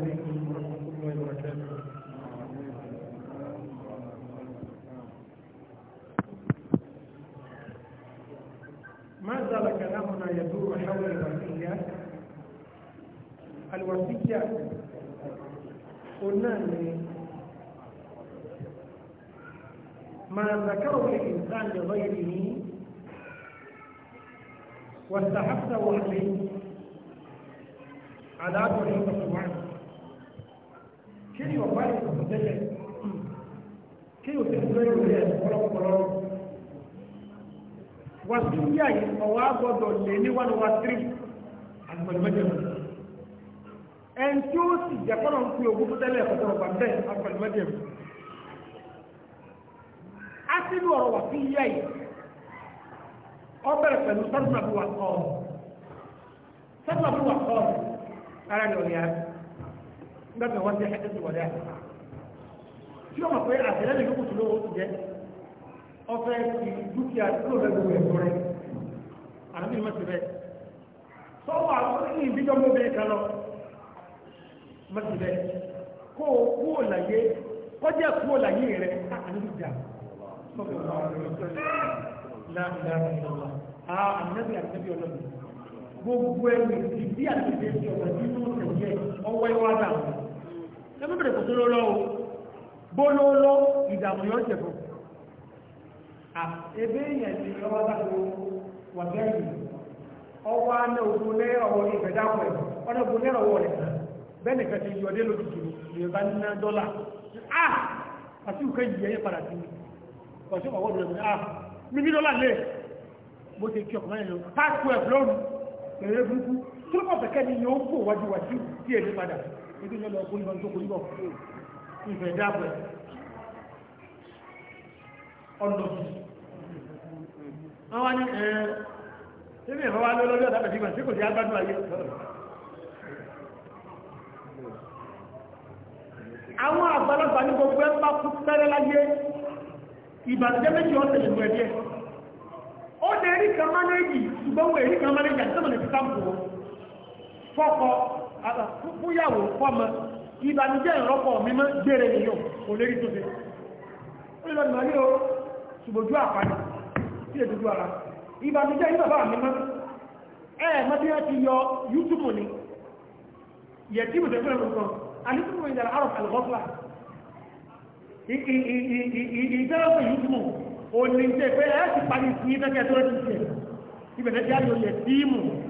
عليكم ورحمة الله وبركاته ما زال كلامنا يدور حول الوصية الوصية قلنا ما ذكره الإنسان لغيره واستحقه عليه عذاب أبو سبحانه kéèyàn ọ̀pá ìkọ̀tọ̀ tẹ́lẹ̀ kéèyàn ti fẹ́ lórí ẹ̀ pọ̀lọpọ̀lọ wà sí ní àyè ọ̀wá gbọ́dọ̀ lè ní one over three àgbẹ̀lẹ́mẹ́jọ ẹn tí ó sì jẹ́ kọ́nà ń fi ògùn tẹ́lẹ̀ ọ̀pọ̀lọpọ̀ bẹ́ẹ̀ àgbẹ̀lẹ́mẹ́jọ á sínú ọ̀rọ̀ wà sí yíyá yìí ọbẹ̀rẹ̀ pẹ̀lú sọ́dún àbúwà kọ́ sọ́dún àbúwà kọ́ ara gbẹ́gbẹ̀ wọ́n jẹ́ ẹ̀kẹ́sì wọ̀lẹ́ tí ó mọ̀ pé àtẹ̀lẹ́ lè lókùtù lówó ti jẹ́ ọfẹ́ ti dúkìá tó lẹ́gbẹ̀ẹ́ ẹ̀kọ́ rẹ̀ àbí mọ́ ti bẹ́ sọ́wọ́ àkókò ìbíjọ́ mú bẹ́ẹ̀ kan lọ mọ́ ti bẹ́ kó o kú ò láyé kọjá kú ò láyé rẹ̀ àníjà gbogbo ẹni ìdí àti ìdí ọ̀pọ̀ nínú ìṣẹ̀lẹ̀ ọwọ́ iwájú àwọn ẹgbẹ́ bẹ̀rẹ̀ kò tó lọ́lọ́ o bó lọ́lọ́ ìdààmú yọ́ jẹ̀ fún ebe èèyàn ti ọwọ́ dáko wà bẹ́ẹ̀ni ọwọ́ aná ogun lé ọwọ́ ìfẹ̀dáwọ̀ ẹ̀ ọ̀nà ogun lé ọwọ́ rẹ̀ bẹ́ẹ̀ni kẹ́ ti yọdé lójijì lè bá ní náà ah àti òkè yìí ẹyẹ padà sí mi ọ̀ṣọ́ ọwọ́ rẹ̀ ah mi ní dọ́là lé mo ti kí ọkùnrin lọ pàṣẹ ẹ̀fọ́ lọ́rùn èrè burúkú tó lọ́pọ̀ fẹ́kẹ́ ni yóò kó wájú wájú tí èrè ibi lọ lọ kún ìbọn tó kún bọ̀ ìfẹ́ dáàbẹ̀ ọ̀nà wọ́n wá ní ẹ̀ẹ́ ilé ìfẹ́ wá lọ́lọ́lọ́ ọ̀dábẹ̀ sí ìgbà tí kò sí agbádùn ayé àwọn àgbàlagbà ní gbogbo ẹ̀ bá kú pẹ́rẹ́ láyé ìbàjẹ́ méjì ọ̀sẹ̀ ìlú ẹ̀dẹ́ ó lè rí kan mánéjì ṣùgbọ́n wọ́n èrí kan mánéjì àti sọ́mọ̀lẹ̀ fi sáàpù fọ́kọ fúyàwó fọ́mọ ìbànújẹ́ ìrọ́pọ̀ mímọ́ gbére nìyàn kò lérí tó ṣe ó lè lọ́nà ní o ṣùgbójú àpáyà sí ètòjú ara ìbànújẹ́ ìbàbá mímọ́ ẹ̀ mọ́ bí wọ́n ti yọ YouTube ni yẹ tí bùtẹ̀ fún ẹ̀rùn kan alìsùnmù ìdàrà àrùn àlùkọ́fà ìdẹ́rọ̀fẹ́ YouTube ò ní ṣe pé ẹ̀ ti parí sí ìfẹ́kẹ́ tó rẹ̀ ti ṣe ìbẹ̀rẹ̀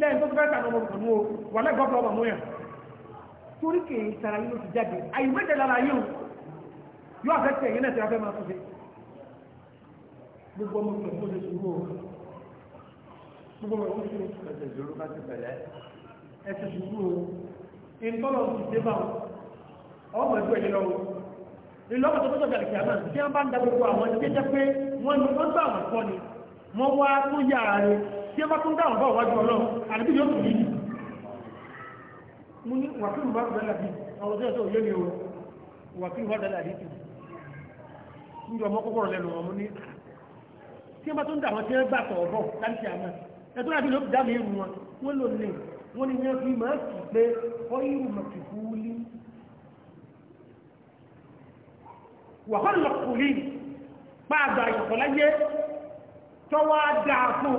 lẹ́yìn tó ti fẹ́ tàbí ọmọ òkùnmú o wà lẹ́gbọ́ pọ̀ ọmọ múyàn torí kìí sara yìí ló ti jáde àyùmẹ́jẹ lára yìí yóò afẹ́ tẹ̀ yìí náà ti afẹ́ máa tó ṣe gbogbo ọmọ òkùnmú ṣe sùúrù o gbogbo ọmọ òkùnmú ṣe sùúrù bá ti bẹ̀rẹ̀ ẹ ti sùúrù o ìtọ́lọ̀ ti dé bá ọmọ ẹgbẹ́ yìí lọ́wọ́ ìlọ́pọ̀ tó tó tọ̀jà tí ẹ bá tún dáhùn bọ́ wájú ọlọ́run àdébí yóò tún yìí mo ní wàkílù bá bẹ̀rẹ̀ àbí ọ̀rọ̀ tí ẹ̀sọ́ yé mi o wàkílù bá bẹ̀rẹ̀ àbí tù ń jọ ọmọ kọ́kọ́rọ̀ lẹ́nu ọmọ ní tí ẹ bá tún dáhùn tí ẹ gbà tọ̀ bọ̀ láti àná ẹ̀tọ́ àbí ló dá mi irun wọn wọ́n lò ní wọ́n ní wọ́n fi máa kì pé ọ́ irú màkì fúlí wàhálà kùlí pàdà ìkọ̀láyé tọ́wọ́ dáa fún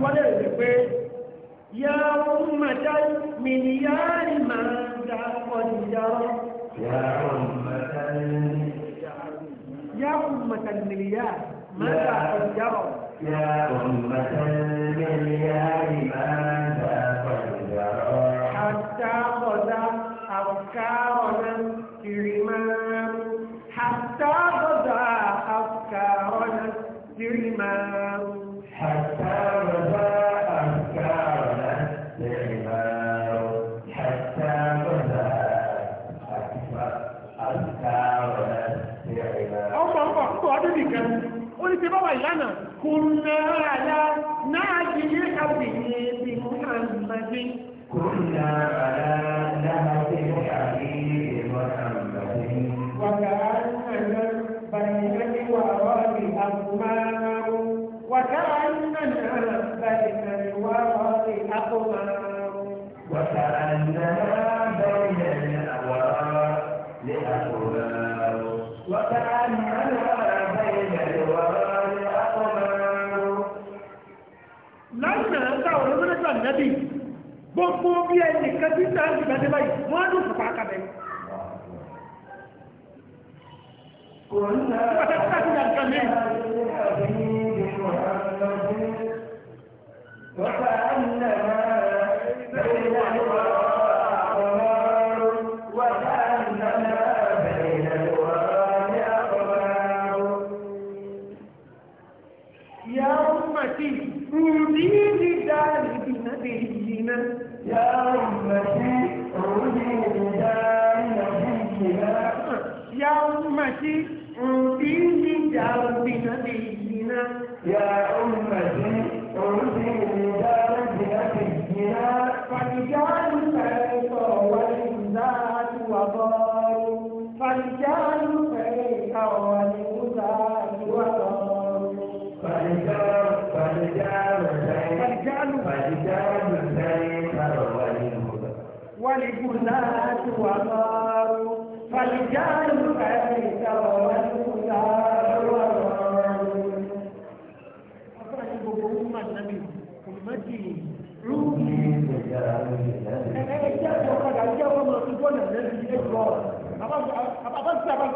bí wọ́n lẹ́rẹ̀ rẹ̀ pé yá ọmọ mẹ́ta mi ni yá rí máa ń da ọdún ìjà rọ. yá ọmọ mẹ́ta mi ni yá máa ń da ọdún ìjà rọ. yá ọmọ mẹ́ta mi ni yá rí máa ń da ọdún ìjà rọ. àtà ọ̀dà àwòkárọ̀nà ìrìmáàrún. àtà ọ̀dà àwòkárọ̀nà ìrìmáàrún. nítorí pé báwa ìlànà kùnàrà náà di ní àbìyẹ bí muhammadi. kùnàrà náà di ní àbìyẹ bí muhammadi. gbogbo bí ẹnì kan tí sáà jù jáde báyìí wọ́n á dùn fún pàákà bẹ́ẹ̀. Wọ́n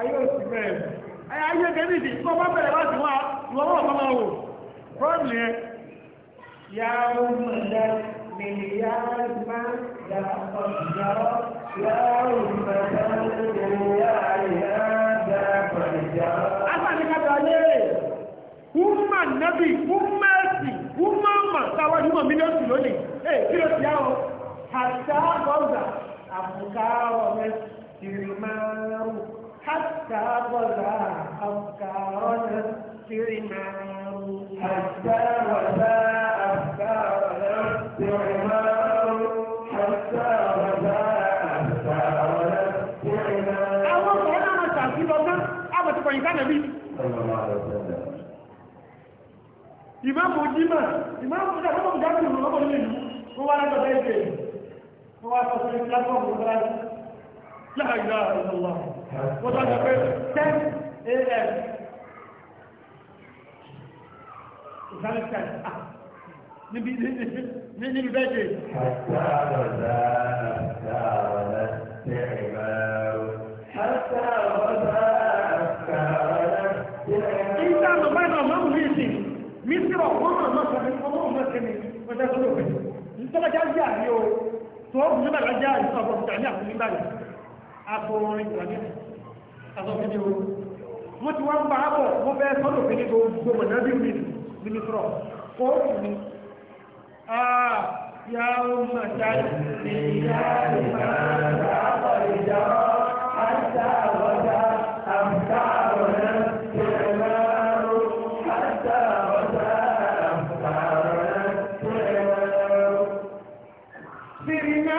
ayé òsì bẹ̀rẹ̀ ayé kẹ́mí ti kọ́ bá bẹ̀rẹ̀ láti wá ìwọ́n wọ́n máa wò problem yẹn. ya ọmọ ìdá mìlíà ìgbà ya ọ̀dọ́ ya ọmọ ìdá mìlíà ìyá ìgbà Asani kata ayere, wúmà nẹ́bì, wúmà ẹ̀sì, wúmà ọmọ táwọn ìmọ̀ mílíọ̀nù lónìí, ẹ̀ kí ló ti yá o? Àṣà bọ́ọ̀dà, àbùkà ọ̀rẹ́, ìrìnmáàrùn, حتى ضلع أفكار نفس عمار حتى ولا أفكار نفس عمار حتى ولا أفكار نفس عمار أول مرة ما تعطيب أبنى أبا تبعي كان نبي صلى الله عليه وسلم إمام مجيما إمام مجيما هو مجيما هو مجيما هو مجيما هو مجيما هو مجيما هو مجيما لا إله إلا الله wọ́n tó sọ pé ten a.m. islamic time ah. níbi níbi bẹ́ẹ̀ dé. àtàwọ̀dà àtàwọ̀dà tẹ̀ ẹ̀ máa ń. àtàwọ̀dà àtàwọ̀dà tẹ̀ ẹ̀ máa ń. ìta ló bá náà máa ń wí sí mi sí ọ̀pọ̀ náà máa sọ mi ọmọ ọmọ sí mi wọ́n tẹ́ sọ́dọ̀ pẹ̀lú. nítorí ajá ń jà ní o tó o kùn nígbà lájà ìsọ̀rọ̀ ìjà ní àkùnrin báyìí akọrin ìwàlẹ́ àtọ́fíjẹ́ orí wọ́n ti wọ́n bá bọ̀ wọ́n fẹ́ sọ́dọ̀ fi ní gbogbo mọ̀nàbí mi mínísírọ̀ kó ní àà yà ó jáde ní ìyá ìgbà àbọ̀ ìjà àti àwọ̀dá àbúkà àwọ̀dá ìrẹ̀lẹ́ àti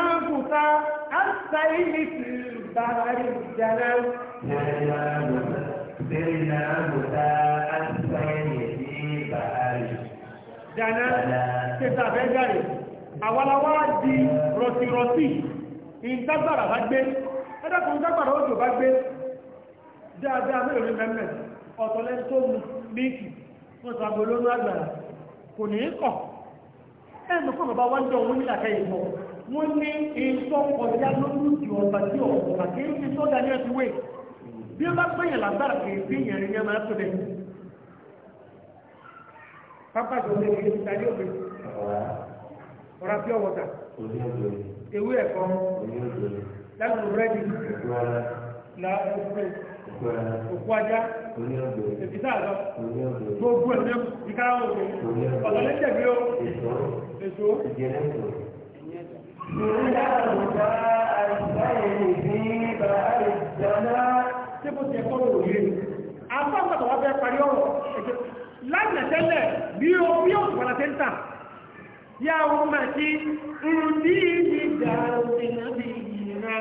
àwọ̀dá ببر الزمن سرنا مساء السير في بحر dana tẹta fẹ́ jáde àwọlawà di rọ̀tìrọ̀tì ìtagbàrà bá gbé ẹ́dàkùn ìtagbàrà òjò bá gbé dáadáa mẹ́rin ní mẹ́mẹ́ ọ̀tọ̀lẹ́ tó mú míìkì wọ́n sàbò lónú àgbàrà kò ní kọ̀ ẹ̀mù wọ́n ní èso kọjá lójú ti ọ̀gbà tí ọ̀gbà kì í fi sọ́dà ní ẹ̀sùn wẹ̀ bí ó bá gbẹ̀yìn lágbára kì í fi yẹn ní ẹ̀mọ́ ẹ̀sùn rẹ̀. pápá ìjọba ìlú ìlú ìtàlí òbí ọ̀rá pí ọ̀wọ̀ta ewé ẹ̀kọ́ lẹ́nu rẹ́dì òkú ajá èkìtà àlọ́ gbogbo ẹ̀mí ìkárà òbí ọ̀dọ́lẹ́jẹ̀ bí ó èso lánàtẹ́lẹ̀ bí o bí o wà láti ń tà yà ó mà sí ndí ìdá òsìnà bí ìyìnà.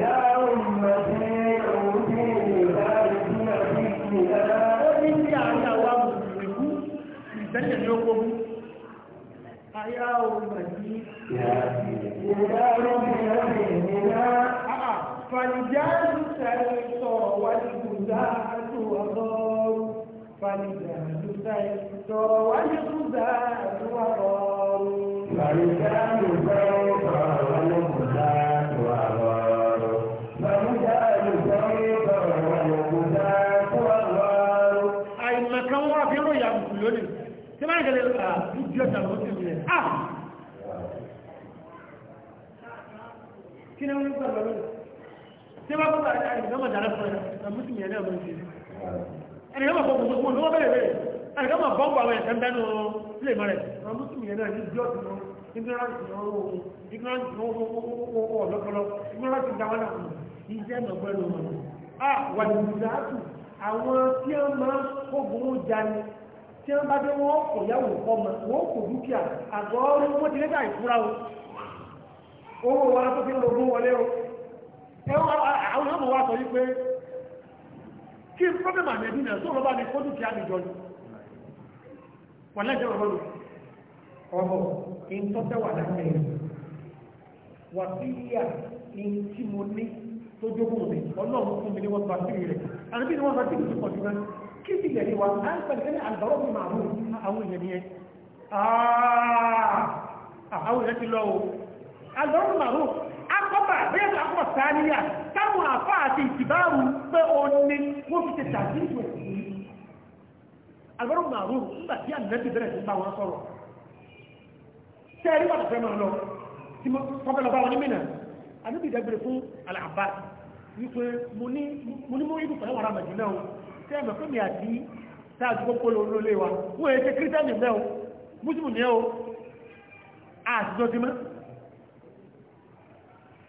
yà ó mà sí òsì ìdá òsìnà bí ìyìnà. ó ní bí àyàwó àbùkù ìgbẹ́jẹ̀ ní ó kó mú. يوم الدين إلى رب يومنا فالجهل سيط والجزاة وغار فالجهل سيط والجزاة وغار فالجهل سيط والجزاة وغار فالجهل سيط والجزاة وغار أي مكان وافر يا مسلمين كما قال الحجة الحجة à ah! kí ni wọ́n ń gbàgbọ́ lónìí tí wọ́n kọ́ àti àyè lọ́mọ dára fún ẹ na mùsùlùmí ẹ̀dá ọmọ ìṣe ẹni lọ́mọ bọ́ gbogbo wọn lọ́wọ́ bẹ̀rẹ̀ bẹ̀rẹ̀ ẹni lọ́mọ bọ́ gbogbo àwọn ẹ̀sẹ̀ ń bẹ́nu ilé ìmọ̀ rẹ̀ na mùsùlùmí ẹ̀dá ẹni bí ọ̀sìn lọ ignorance lọ wọ́n wọ́n ignorance lọ wọ́n wọ́n ọ̀lọ́pọ̀lọ́ ignorance dáwọ́ náà iṣẹ́ mọ̀ pẹ́lú wọn. a ah, wà ní ìdáàtù àwọn tí wọ́n máa ń kó tí wọ́n bá dé wọ́n kò yáwò wọ́n kò dúkìá àgọ́ ọ̀rọ̀ wọ́n ti lẹ́tà ìfúra o owó wọn tó fi ń lo wọlé o àwọn ọmọ wa sọ yí pé kí pọ́bẹ̀mà mẹ́bí náà tó rọ́bà ní kó dúkìá nìjọ wọ́n lẹ́jọ́ ọmọ kí ti yẹ̀ni wa á ń pẹ̀lú kẹ́lẹ́ àgbàrọ̀ mi máa mú àwọn èèyàn ni ẹ àwọn èèyàn ti lọ o àgbàrọ̀ mi máa mú akọ́bà bẹ́ẹ̀ bá pọ̀ sáníyà táwọn àfá àti ìtìbáàrù pé o ní wọ́n fi tẹ̀tà sí ìjọ àgbàrọ̀ mi máa mú nígbà tí ànẹ́bí bẹ̀rẹ̀ sí bá wọn sọ̀rọ̀ tẹ́ẹ̀rí wà fẹ́ máa lọ tí mo kọ́fẹ́ tẹ́ẹ̀mọ̀ fún mi àti táàtì kókó lórí olé wa wọ́n èé ṣe kírísítẹ́nì mẹ́ o mùsùlùmí ní ẹ́ o àtijọ́ ti mọ́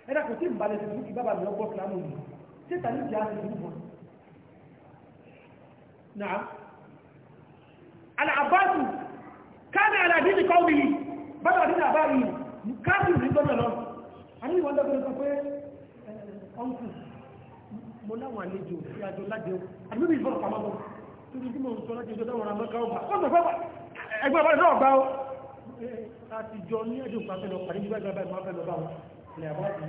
ẹ̀dá kò tí ń balẹ̀ tuntun kí bàbá mi ọgbọ́ fìlàmù yìí tí tàbí ìjà ti dùn wọn. náà alàbáàtù káàmì alàdí ni kọ́ọ̀mì yìí bàbá àdínà àbá yìí káàmì ní gbọ́dọ̀ lọ mo láwọn àlejò sí àjọ lájẹ o àbí bí ìfọ̀rọ̀ pàmò bọ̀ tó ti tí mo sọ láti ìjọ táwọn ọmọ káwọ́ bá wọ́n sọ ẹgbẹ́ ọba ìṣọ́ ọgbà o àtijọ́ ní ẹ̀dùn pàfẹ́ lọ pàdé nígbà ìgbà ìmọ̀ afẹ́ lọ bá wọn ní àbá ti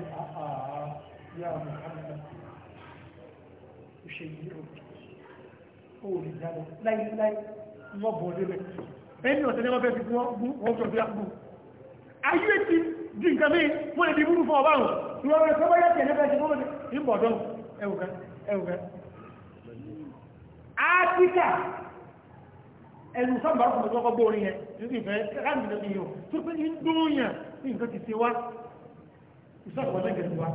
ẹni ọ̀sẹ̀ ní wọ́n fẹ́ fi wọ́n wọ́n fẹ́ àpò ayé ti di mí wọ́n lè di búrú fún ọba ìwọ̀n rẹ̀ sọ́wọ́ yàtì ẹ̀ ẹwùkẹ́ ẹwùkẹ́ áfíríkà ẹnu sábà ọkùnrin tó kọ́ bóorí yẹn nítorí ìfẹ́ káàmì lórí yìí o tó pé ní dúnyàn ní nǹkan ti ṣe wá ìṣàkọọ́ lẹ́gẹ̀ẹ́ wa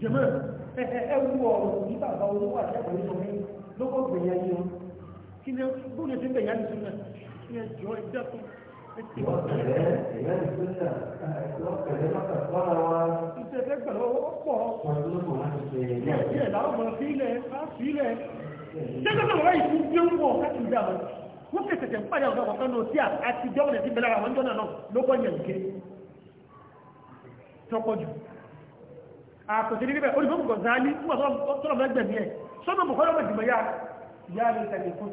jẹ́mọ́ ẹwù ọ̀rọ̀ ní bàbá olówó àti ẹ̀kọ́ ní ni bóòlù ti ń bẹ̀yà ni ẹjọ́ ẹjẹ́ tó Ìṣẹ̀lẹ̀ pẹ̀lú ọ̀pọ̀ díẹ̀ láwọn ọmọ sílẹ̀ sílẹ̀. Ṣẹ́gbẹ́gbẹ́ wọ́n yìí tí ó ń wọ̀ láti ìjà wọn. Wọ́n kẹ̀ tẹ̀tẹ̀ ń pàdé ọ̀gá ọ̀kan náà sí àti jọ́wọ́n ẹ̀sìn bẹ̀rẹ̀ àwọn jọ́nà náà ló kọ́ yẹn ké. Tọ́pọ̀ jù. Àkọ̀tẹ̀ ní bíbẹ̀ olùfẹ́ kò zálí fún ọ̀tọ́lọ̀mẹ́gbẹ̀mí ẹ̀. Sọ́nà mọ̀kọ́lọ́mọ̀ jùmọ̀ yá. Yá ni tẹ̀lé fún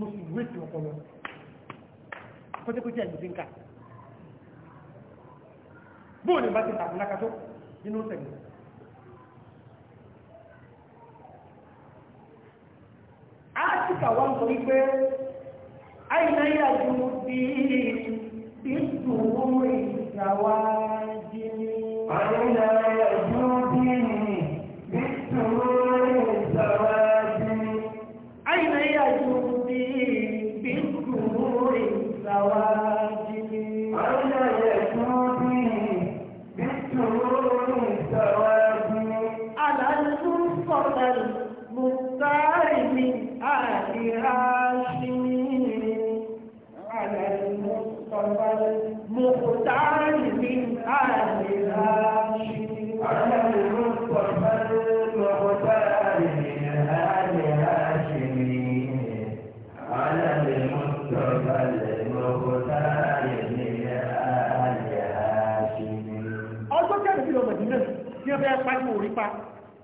mo sì wé ti ọpọlọ kọjẹ́kọjẹ́ ìlú dínkà bóòlù bá ti tàbí lákàtó nínú sẹ̀gbẹ̀ áṣìkà wá ń wípé àìná ìyàjú bí bí dùn ún ìgbà àìná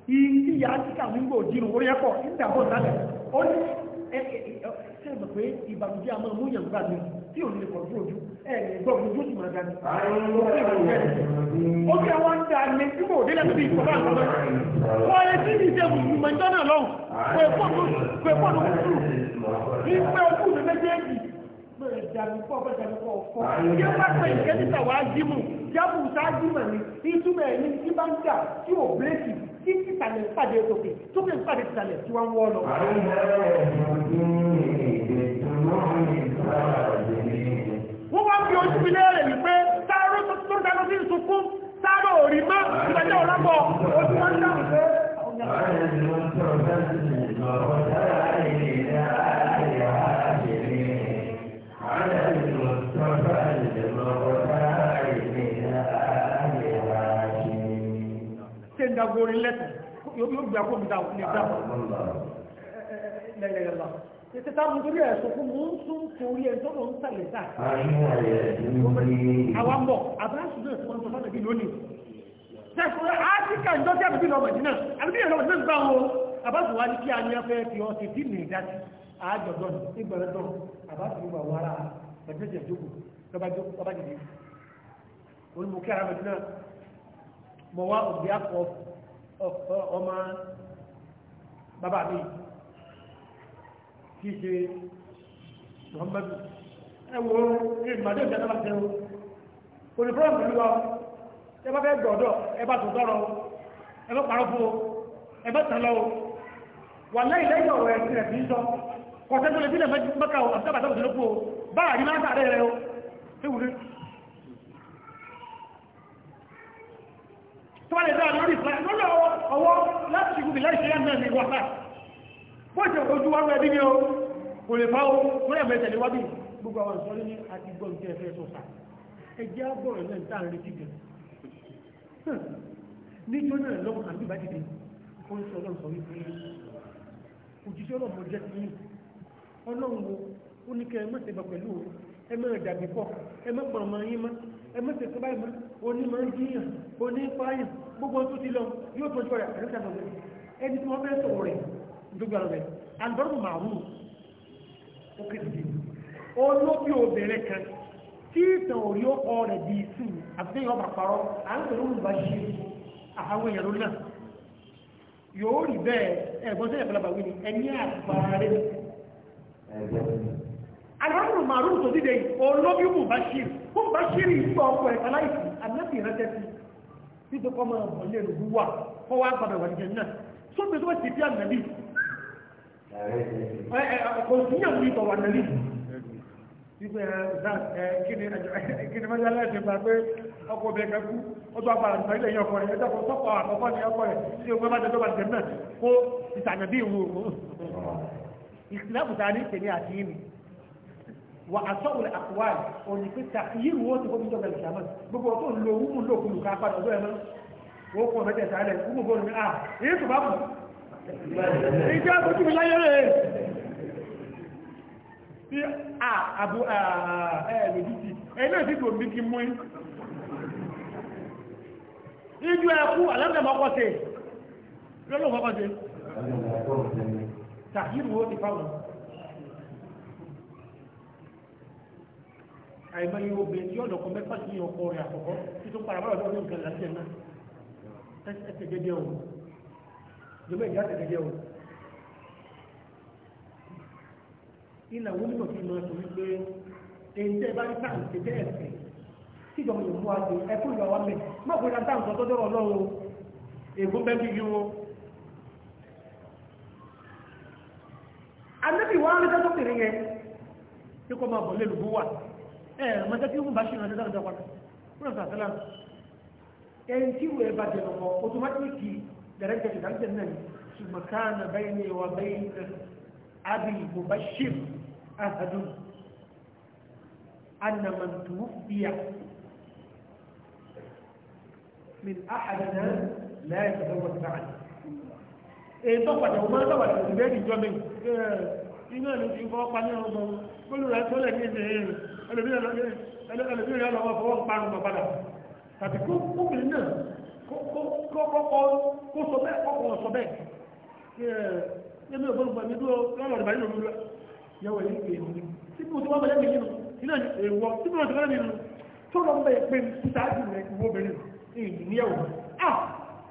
ìdí ya ti kàwé ńgbò jìnnà orí ẹ̀kọ́ ìdàbọ̀ sálẹ̀ ó ní ṣe mọ̀ pé ìbànújẹ́ àmọ́ mú yàn gbà mí tí ò ní lè kọ̀ọ̀dúró ojú ẹ̀ gbọ́ mi ojú ìmọ̀ dání. ó kí ẹ wá ń da ní tí mo délẹ̀ níbi ìkọ̀bá àkọ́bẹ́. wọ́n yẹ sí ìṣe ìmọ̀ ìjọ náà lọ́hùn pé pọ́ọ̀nù pé pọ́ọ̀nù kúrú ní pé okú mi méjèèjì bẹ̀rẹ̀ dàbí pọ̀ bẹ̀rẹ̀ dàbí pọ̀ fọ́. kí ó bá pẹ̀ ìkẹ́ níta wàá jímù jábù sáájú mọ̀ ní ìtumọ̀ ẹ̀ ní tí bá ń dà tí ò bírèkì tí ìsàlẹ̀ ń pàdé tòkè tókè ń pàdé ìsàlẹ̀ tí wọ́n ń wọ́ lọ. wọ́n wá fi ojú mi lẹ́rẹ̀ wípé sáró tó dáná sí ìsúnkún sáró òrí mọ́ ìgbàjẹ́ ọ̀rọ̀ bọ̀ ojú wọn dáhùn pé. gbàgbó orin lẹ́sìn yóò gbàgbó mi dà ní ìgbà lẹ́yẹ̀lá tètè tá a mú torí ẹ̀sùn fún mú tún torí ẹ̀ tó lọ́n sàlẹ̀ sà. àwa ń bọ̀ àbá sùdó ẹ̀sùn wọn tó fọ́nà bí lónìí. sẹ́kùn áfíríkà ń dọ́jà bí lọ́mọ̀ jìnnà àbí bí lọ́mọ̀ jìnnà gbà wọn àbá sùn wá ní kí ayé ọmọ bàbá mi kí ṣe Muhammadu ẹwọ ìgbàdé ìjọba ti ẹwọ olùfọ́ọ̀mù ìlú wa ẹ bá fẹ́ gbọ́dọ̀ ẹ bá tó tọrọ ẹ bá parọ́ fún o ẹ bá tẹ̀lọ́ o wà lẹ́yìn lẹ́yìn ọ̀rọ̀ ẹ̀sìn rẹ̀ fi ń sọ tó wà lè dáa lórí ìsìláì lọ́nà ọwọ́ láti ṣe gúbi láì ṣe yá náà ní wọ́pá bó ṣe ojú wá rẹ̀ níbi o kò lè fá o wọ́n rẹ̀ mẹ́tẹ̀lé wábí gbogbo àwọn ìsọ́lé ní àti gbọ́n jẹ́ ẹ̀fẹ́ sọ́sà ẹjẹ́ àbọ̀rọ̀ náà tá à ń retí gan níjọ́ náà lọ́wọ́ àbí bá dìde ó ń sọ ọlọ́run sọ wípé òjíṣẹ́ ọlọ́mọ jẹ́ ti yín ọlọ́run wo ó ní kẹ́ ẹ mọ̀ ẹmẹ́tẹ̀ tó báyìí onímọ̀ jíyàn onípáyàn gbogbo tó ti lọ yóò tó jọ rẹ̀ àríkàtà rẹ̀ ẹni tí wọ́n fẹ́ sọ̀rọ̀ rẹ̀ dúgbà rẹ̀ alùbọ́rùn màrú ó kéde olóbi obìnrin kan tí ìtàn orí ọkọ rẹ̀ di ìsù àti ìyọ́ bàparọ́ à ń pẹ̀lú olùbá ṣe àwọn èèyàn lónà yóò rí bẹ́ẹ̀ ẹ̀gbọ́n sẹ́yìn fẹ́lá bàwí ni ẹni àgbàrẹ́ alùbọ́rùn màrú tó dídẹ̀ olóbi obìnrin tó bá ṣírí ìgbà ọkọ̀ ẹ̀ka láìsí ànábì ìrẹ́jẹ́ sí tí tó kọ́ mọ́ ọ̀lẹ́ ìlú wà kọ́ wá padà wà nìyẹn náà tó gbé tó ti fi ànábì kò sí yàn ní ìtọ̀wà nàlí wípé kíni mẹ́jọ aláìsí gbà pé ọkọ̀ obìnrin kan kú ó tó apàrà nípa ilé ọkọ̀ rẹ̀ ẹjọ́ kan sọ́kọ̀ àkọ́kọ́ ní ọkọ̀ rẹ̀ tí o gbẹ́bàjẹ́ tó bá jẹ́ náà kó ìtànàbí ìwò ìsìlámù ta ní tèmi àti yìí wà àtọ́wò àkùwáì òní pé tàkìyírù ó ti gómìnà ọ̀gá ìṣàmọ́ gbogbo ọ̀tọ́ ń lo wúmù lókun lùkà padà ọ̀dọ́ ẹ̀mọ́ ó kọ́ ọ̀fẹ́ tẹ̀sà rẹ̀ wúmù bọ́ọ̀lù ní à ah, èyí tó bá kù ìjọ àbójú mi láyé rẹ̀ ah, ah, sí à àbú ẹ̀ẹ́dẹ̀dìtì ẹ̀yìn náà sì tó bí kí mú ìjọ ẹ̀kú alámọ̀kọ́sẹ̀ lọ́lọ́ àìmọye obìnrin tí ọ̀dọ̀ kan mẹ́fà sí ọkọ rẹ̀ àkọ́kọ́ tí tó para bọ́ọ̀dọ́ ní nǹkan láti ẹ̀ná ẹsẹ̀ gẹ́gẹ́ o jọba ìjà ẹsẹ̀ gẹ́gẹ́ o ìlà wo nígbà tí mo sọ wípé èyí tẹ́ bá ń tà ń tẹ́ ẹ̀sẹ̀ tí ìjọba yóò mú adé ẹkú ìlú àwọn mẹ́ má kó ìlà táwọn dọ́rọ̀ ẹ eh, mọtẹ tí wọn bá ṣe ìrànlọ́dọ́ ọ̀dọ́ padà wọn sọ àtàlà ẹni tí wọn bá jẹ lọ́wọ́ automatically dẹrẹjẹ ìdájẹ náà ṣùgbọ́n káàna báyìí ni wà báyìí abi mubashir ahadun anna man tuwfiya min ahadana la yatazawwaj ba'd e to padà o ma to padà o be ni jo mi inú ẹ̀lú ti fọ́ pa ní ọmọ gbólù rẹ̀ tó lẹ̀ ní ìṣẹ̀ ẹ̀rù ẹlòmíràn rẹ̀ lọ́wọ́ fọwọ́ parun bọ̀ padà tàbí kó kóbìnrin náà kó sọ bẹ́ẹ̀ kọ́kọ́ sọ bẹ́ẹ̀ ẹ̀ẹ́dẹ́gbẹ́ ògbólùgbà mi dúró lọ́lọ́ ìbàdí lòmú lọ yẹwọ̀ yìí pé èmi tí mo ti wá bẹ̀rẹ̀ mi nínú iná èèwọ̀ tí mo ti bẹ̀rẹ̀ mi nínú tó lọ bẹ̀ pé rẹ̀ ìwọ́bìnrin ìníyàwó ah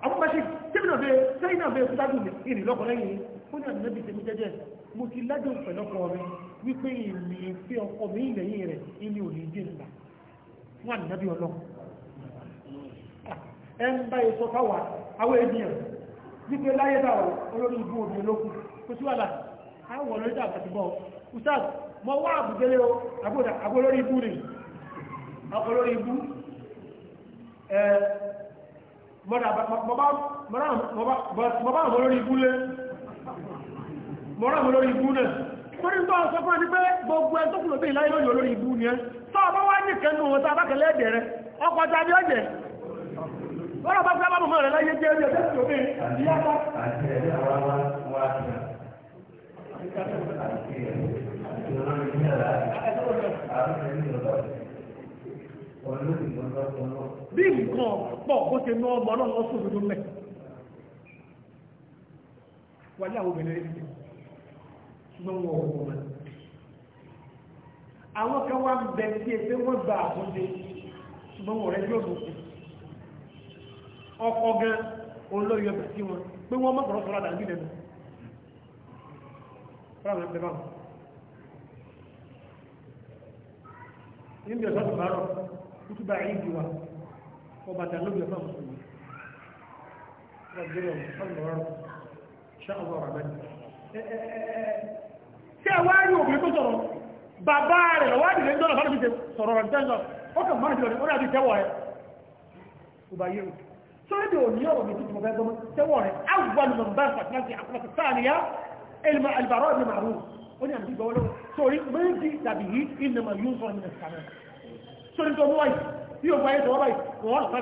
àwọn bá ṣe tẹ́mi náà bẹ́ẹ̀ sẹ́yìn náà bẹ́ẹ̀ sítáàjù mi ìrìn lọ́kọ̀ lẹ́yìn ó ní àdínẹ́bì tẹ́mi jẹ́jẹ́ mo ti ládùn pẹ̀lú ọkọ rẹ wípé ìlú ìfẹ́ ọkọ mi ìlẹ̀yìn rẹ̀ ìní ò ní dé nígbà fún ànábì ọlọ́ ẹ ń bá èso káwà àwọn ènìyàn wípé láyé bá olórí ìbú òbí olókùn kò sí wàhálà àwọn olórí àgbà ti bọ́ ustaz mo wá àbùdélé o àbúdà àbúlórí mọ̀bá lé mọ́ràn mọ́ lórí ibú náà torí tó sọ fún ẹni pé gbogbo ẹni tó kùnà bí ìláyé lóyìn olórí ibú ni ẹ tó ọmọ wá ní kẹnu wọn tó ẹ̀jẹ̀ rẹ ọkọ̀ ọjà ọjẹ̀ lọ́wọ́ ọ̀pọ̀ wọn àwọn kan wá ń bẹ sí ẹgbẹ́ wọ́n gba àtúnṣe ṣùgbọ́n wọ́n rẹ̀ yóò lò ọkọ̀ gan olóyè ọbẹ̀ sí wọn pé wọ́n mọ̀kànlọ́ sọ́ra dàbí lẹ́nu fúlàwọn ẹgbẹ́ tí ẹ wá rí obìnrin tó sọ̀rọ̀ bàbá rẹ̀ lọ́wọ́ àdìlẹ̀ ń dọ́nà fánàbí sọ̀rọ̀ rẹ̀ tẹ́jọ ó kàn mọ́nà jùlọ ní ó dàbí tẹ́wọ̀ ẹ̀ ó bá yẹ́rù sọ́rọ̀dẹ̀ òní ọ̀rọ̀ mi tuntun ọ̀fẹ́ gbọmọ tẹ́wọ̀ rẹ̀ awùgbọ́n mọ̀ bá fàtàkì àkọ́kọ́ sáàníyá elma albaro ni màrú ó ní àmì gbọ́ lọ́wọ́ sórí méjì tàbí yí ilẹ̀ mà yún sọ̀rọ̀ nínú sàmẹ́ sórí tó mú wáyé bí o wáyé tọwọ́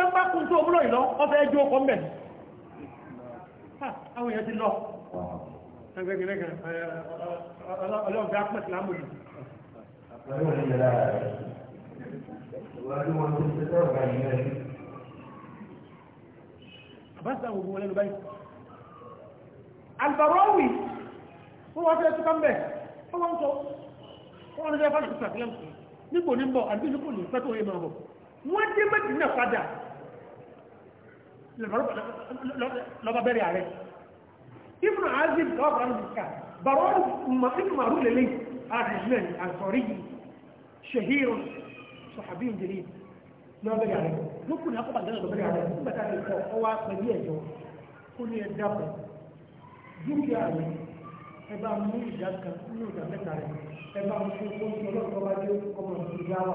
ń bá kún àwọn èèyàn ti lọ ẹgbẹ́gbẹ́ kan ọlọ́gbẹ́ apẹ́tì lámù yìí. àbáṣà gbogbo wọn lẹ́nu báyìí albarowi wọ́n wá fẹ́ túká mbẹ́ wọ́n wá ń sọ wọ́n wá ń sọ fásitì ìsàkílẹ̀ nígbò ní mbọ̀ àbí nígbò ní pẹ́tò òye máa bọ̀ wọ́n dé méjì náà padà lọ́ba bẹ̀rẹ̀ ààrẹ ابن عازب جواب رمز الكهف بروان ابن معروف لليه أرجلاني أنصاري شهير صحابي جليل ما بقى ممكن أقوم عندنا بقى عليه ثم هو مليئة جو كل يدابر جوجي عليه ẹba mú ìjà kan nínú ìjà mẹ́ta rẹ̀ ẹba mú fún oúnjẹ ọlọ́pàá wájú ọmọ ìjà wa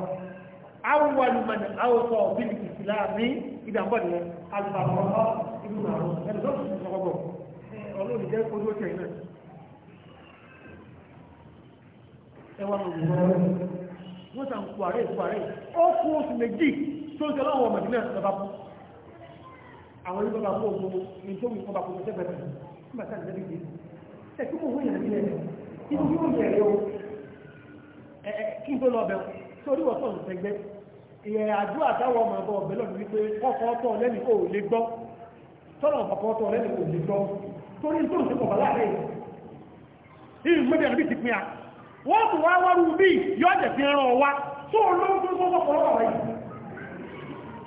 awọlùmọ̀nà àwọ̀sọ̀ bíi ìsìláàmì ìdàbọ̀ nìyẹn alùpàpọ̀ ìlú àrùn ẹ̀dọ́sùn ìjọba ọlọ́run jẹ́ kójú òkè náà ẹwà lòlùwọ́ wọ́n sàn kú àárẹ̀ kú àárẹ̀ ó kú oṣù méjì tó ń tẹ́lọ́ àwọn ọmọdé náà lọ́ba kú àwọn orí bàbá kú ògbó ní tó mú ọba kú tó tẹ́gbẹ̀ẹ́ rẹ̀ nígbà tá à ń tẹ́lẹ̀ dé ẹ o ẹ kí n tó lọ bẹ̀ sórí wọ́n tọ̀ sẹ́gbẹ́ ìyẹn àdúrà àtàwọn ọmọ ọba ọ̀bẹ lọ́dún wípé kọ́kọ́ tọ̀ lẹ́nu kò lè gbọ́ tọ́lọ̀ kọ́kọ́ tọ̀ lẹ́nu kò lè gbọ́ torí tó ṣe pọ̀bà láàrẹ̀ yìí mẹ́bẹ̀ àbí ti pín a wọ́n tó wá wárú bí yọ́ jẹ̀ fi ràn wá tó olóòrùn tó wọ́pọ̀ pọ̀lọ́pọ̀ rẹ̀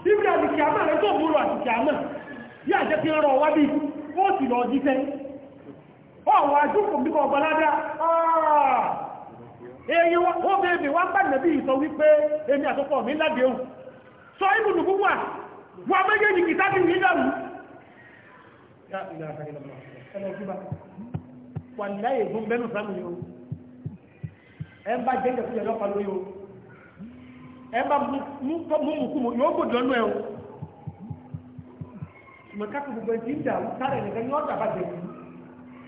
yìí ibi àdìkì àmà rẹ̀ tó múrò àdìkì àmà yí àjẹ́ fi ràn wá bí ó sì lọ jíṣẹ́ ọ̀wọ̀ ẹlẹ́gbẹ́bà wà láyé fún bẹ́nu sáàmù yóò ẹ ń bá jẹ́jẹ́ fún ẹlọ́pàá lórí o ẹ bá mú mú kú yóò gbòdì lọ́nà ẹ̀ o ṣùgbọ́n káàkiri gbogbo ẹ̀jì ń dà ó sáré nìkan ní ọ̀dà bàjẹ́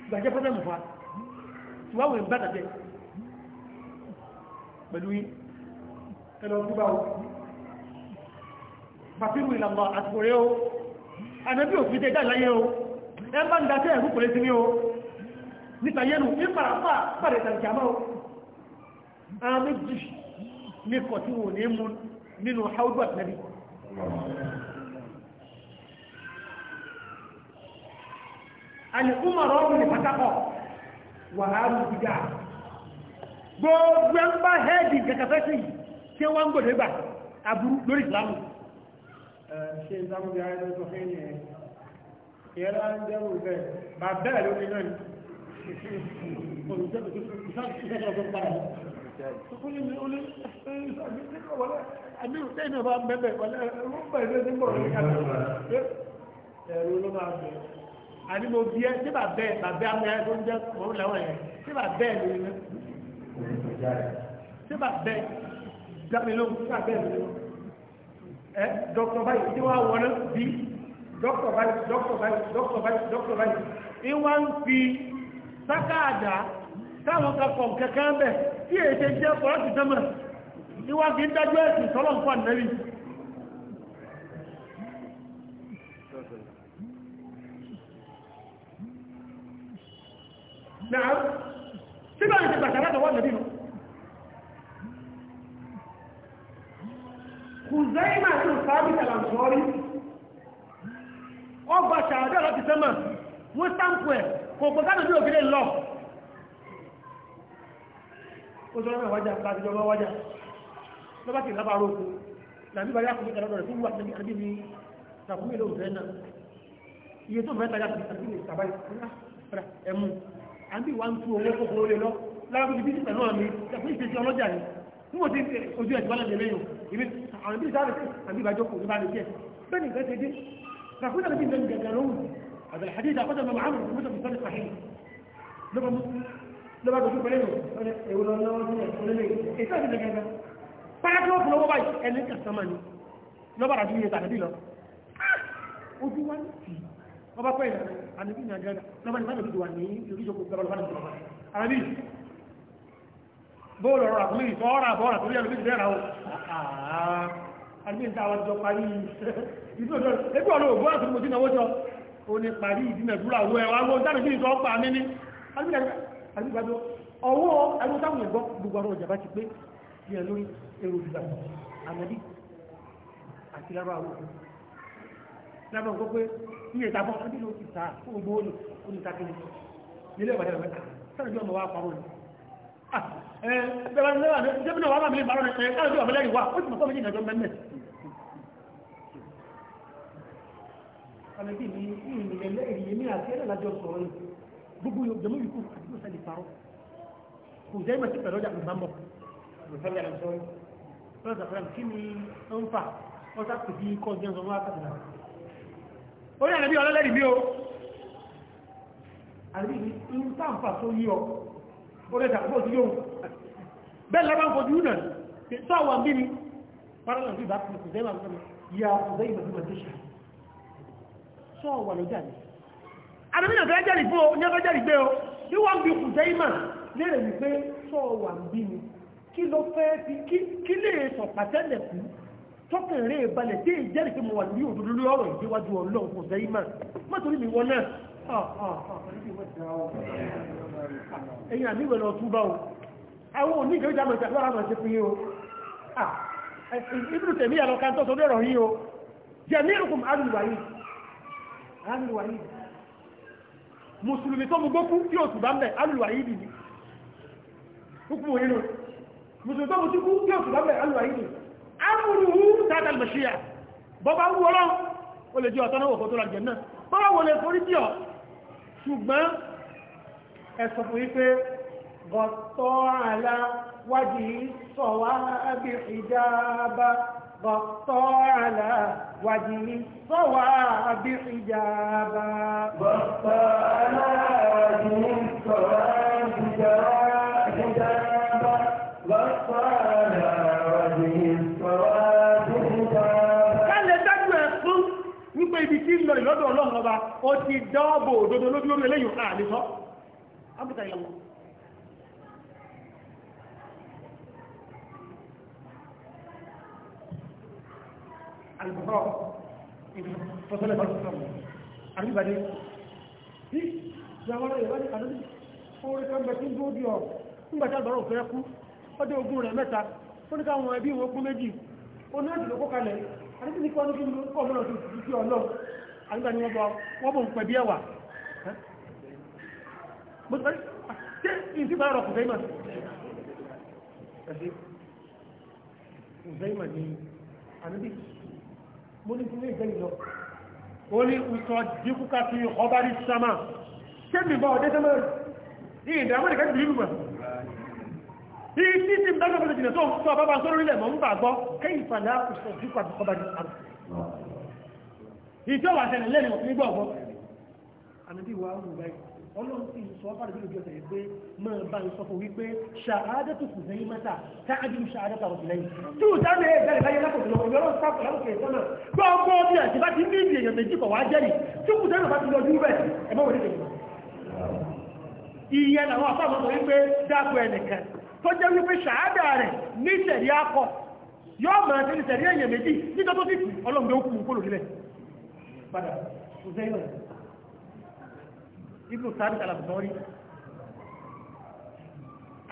gbàjẹ́ pẹ́lẹ́mù fa ṣùgbọ́n àwọn ìbá dàjẹ́ pẹ̀lú ẹlọ́gbẹ́bà o pàfíìmù ìlànà àtìkòrè o ànábì òfin tẹ́ dà láyé o ẹ ń daṣẹ́ ẹ̀rú kòlé ní o níta yẹnu ní parapa pàdé tàǹkìámọ́ o àmì jì ní kọ̀ tí wò ní mú nínú haudu àtìlẹ́bí alìkúmọ̀ rọ́ọ̀bù ní pátákọ̀ wàhálù ìdá gbogbo ẹ̀ hẹ́ẹ̀dì kẹkẹfẹ́ sí wọ́n gbà aburú ìyẹ́lá ń jẹ́rù bẹ́ẹ̀ bà bẹ́ẹ̀ lórí náà Ẹ̀rù ló máa bẹ̀rẹ̀. Àní mo bí ẹ́ tí bà bẹ́ẹ̀ bàbẹ́ amúyá tó ń jẹ́ mọ̀rún lẹ́wọ̀n yẹn, tí bà bẹ́ẹ̀ lórí náà. Tí bà bẹ́ẹ̀ dámi lóhun, tí bà bẹ́ẹ̀ lórí náà. Ẹ́ dọ́kítọ̀ báyìí tí wá wọ́n náà bí dókítà báyìí dókítà báyìí dókítà báyìí dókítà báyìí ìwà ń fi sákàdá táwọn kakọ̀ kẹ̀kẹ́ bẹ̀ tí èdè jẹ́ pọ̀lọ́tì sẹ́mọ̀ ìwà fi ń dájú ẹ̀sìn sọ́lọ́ nǹkan nẹ́rí náà síbẹ̀ ìṣẹ̀gbà sàrátọ̀ wọ́n nẹ́rí Kùzẹ́ ìmọ̀ àti ìfàbí tàbí ṣàwádẹ́ ọ̀rọ̀ ti sẹ́mà wọ́n sáǹpù ẹ̀ kò pọ̀ sánà bí òkèrè lọ ó sọ lọ́wọ́ wájà láti jọmọ́ wájà lọ́bá ti lábàárò òkú làbí bàrí àkùnrin kan lọ́rẹ̀ fún wà ní àbí mi tàbí ilé òfẹ́ náà iye tó fẹ́ tajà tàbí ilé ìsàbá ẹ̀mú àbí wà ń tú owó kókó lé lọ lábàbí ti bí sípẹ̀ náà mi tàbí ìṣesí ọlọ́jà ni níwọ̀n ti ojú ẹ̀ ti wá lẹ́yìn lẹ́yìn àwọn ibi ìsáàbẹ̀ àbí ìbájọ́ kò ní bá lè jẹ́ bẹ́ẹ̀ ni ìfẹ́ ṣe dé فأخونا نبي ذنب قالون هذا الحديث أخذ من عمر وكنا في الثالث صحيح لما لما بشوف عليه يقول الله يقول لي إيه هذا اللي كذا بعد لو فلو باي أنت كسماني لو بعد يجي تعبي له وجوان في ما بقول أنا بينا جانا لما نفعل بجواني يجي جو كبر الفرن أنا بيجي بولا رأى بولا بولا بولا بولا بولا بولا agbẹ́ntà àwọn jọ parí ìtòjọ́ ẹgbẹ́ ọ̀nà ògbó àti mojì náwó jọ o ní parí ìdínàdúrà owó ẹwà agbọ́n dáre sí ìtọ́ ọ̀pá mi ní agbẹ́gbàdó ọwọ́ agbẹ́gbàdó ẹgbọ́ gbogbo àwọn ọjà bá ti pé ní ẹ̀ lórí èrò ìgbà àmọ́dí àti lábà àwọn òkú lábà ń kọ́ pé iye ìtàbọ̀ ọdún ló ti ta gbogbo olù onítakiri nílé ìbàdàn mẹ́ta sọ́dọ̀ bí ọmọ wa parọ́ ni ah, bẹ́ẹ̀ bá ń lẹ́wà ní jẹ́bí náà wà bá mi lè parọ́ ni ẹ̀ẹ́ká àmẹ́bí ní ìrìnlẹ̀ èyí àti ẹ̀rẹ́ lájọ sọ̀rọ̀ ní gbogbo jẹmú ikú àdúgbò sẹ́lì parọ́ kò jẹ́ ìmọ̀ sí pẹ̀lú ọjà ìgbà mọ̀ lọ́sọ̀rọ̀ lọ́sọ̀rọ̀ kí ni ó ń fà ọ́sà pè sí kọ́ jẹ́ ọmọ àtàkùnà orí àmẹ́bí ọlọ́lẹ́rìí mi o àbí ń sáǹfà tó yí ọ orí ẹ̀dà àbọ̀ sí yóò bẹ́ẹ̀ lábá ń fojú náà sọ́wọ́n bí ni parọ́ náà sí ìbá kùn kùn jẹ́ ìmọ̀ sí ìyá ọ̀dọ́ ìmọ̀ sí ìmọ̀ sí ìṣàkóso sọ wà lọ́jà ní àdàmínà tó ẹjẹ́ ìfún o ní ọjọ́ ìgbé o tí wọ́n bí kù jẹ́ ìmà lérè wípé sọ wà ń bí ni kí ló fẹ́ fi kí lè sọ pàtẹ́lẹ̀ kú tọ́kẹ̀rẹ́ ìbalẹ̀ tí ìjẹ́ ìfún mo wà ní òdòdó lọ́rọ̀ ìgbéwájú ọlọ́run kù jẹ́ ìmà mọ́tòrí mi wọ́n náà ẹ̀yìn àmì ìwẹ̀lẹ̀ ọ̀túbá o àwọn oníkẹ̀ ìjà mọ̀ ìtàkùn àwọn ìṣẹ́kùn yíò ìbìrù tẹ̀mí àlọ́kà tó sọ lọ́rọ̀ yíò jẹ́ ní ìrùkùn àrùwà yìí alul wahidi mùsùlùmí tó mú gbókú tí òsù bá ń bẹ̀ alul wahidi ni hukumu yìí lórí mùsùlùmí tó mú tí kú tí òsù bá ń bẹ̀ alul wahidi amúlùú bọ́bá wọ́rọ́ o lè jẹ́ ọ̀tọ́ náà غطى على وجهه صواب حجابا غطى على وجهه صواب حجابا غطى على وجهه صواب حجابا kálẹ̀ dágbà fún nípa ibi tí ń lọ ìlọ́dọ̀ ọlọ́run ọba ó ti dáàbò òdodo lójú lórí eléyìí àlè sọ. abúta ìlànà àlùbọ̀rọ̀ ìfọ̀sọ́lẹ̀ bá sọ̀rọ̀ mọ́ àríbàdé tí ìjàwárọ̀ ìwà ní àdúgbò orí kan bẹ̀ tí ń gbóòdì ọ̀ ńgbàtà àlùbọ̀rọ̀ òfẹ́ kú ọdẹ ogun rẹ̀ mẹ́ta ó ní káwọn ẹbí wọn kún méjì ó ní àjùlọ kó kalẹ̀ àti ní kọ́ ní kí ọmọ náà ti fi sí ọlọ́ àríbà ni wọ́n bọ̀ wọ́n bọ̀ ń pẹ̀ bí ẹwà Ìzẹ́ìmà ni, àníbì mo ní ilé ìgbẹ́ ìlọ ó ní ìtọ̀ díkúkà fi ọba rí sámà ṣé mi bá ọdẹ sẹ́mọ̀ ní ìdààmú nìkan jù nínú mọ̀ bí tí tí bá gbọ́dọ̀ jìnà tó ń sọ bàbá sọ́rọ̀ nílẹ̀ mọ̀ ń bà gbọ́ kẹ́yìn fàdá ìtọ̀ díkúkà fi ọba rí sámà ìjọba àtẹnilẹ́ni ọ̀pọ̀ nígbà ọ̀gbọ́ àmì bí wàá wù báyìí ọlọ́run sì sọ bára bíi ìjọba yìí pé máa bá ń sọ fún wípé ṣàádẹ́ tó kùn sẹ́yìn mẹ́ta káàdì ṣàádẹ́ tàwọn sí lẹ́yìn tí ó dáná ẹ̀ jáde láyé lápò ìlọ́wọ́ ìlọ́wọ́ sáfù láwùjọ ìsọ́nà gbọ́ngbọ́ bí àti bá ti ní ìdí èèyàn méjì kọ̀ wá jẹ́rì tí kù dáná bá ti lọ́jú rẹ̀ ẹ mọ́ wọlé ìyẹn làwọn afáàmọ́ sọ wípé dáko ẹnìkan tó jẹ́ wípé ṣàádà rẹ̀ ní ìṣẹ̀rí akọ yóò máa ti ní ìṣẹ̀rí èèyàn méjì nítorí tó ti kù ọlọ́run ló kù kó lòdì rẹ̀ padà kò sẹ́yìn rẹ̀ ibùdó sáàbì alàbùsọ́rí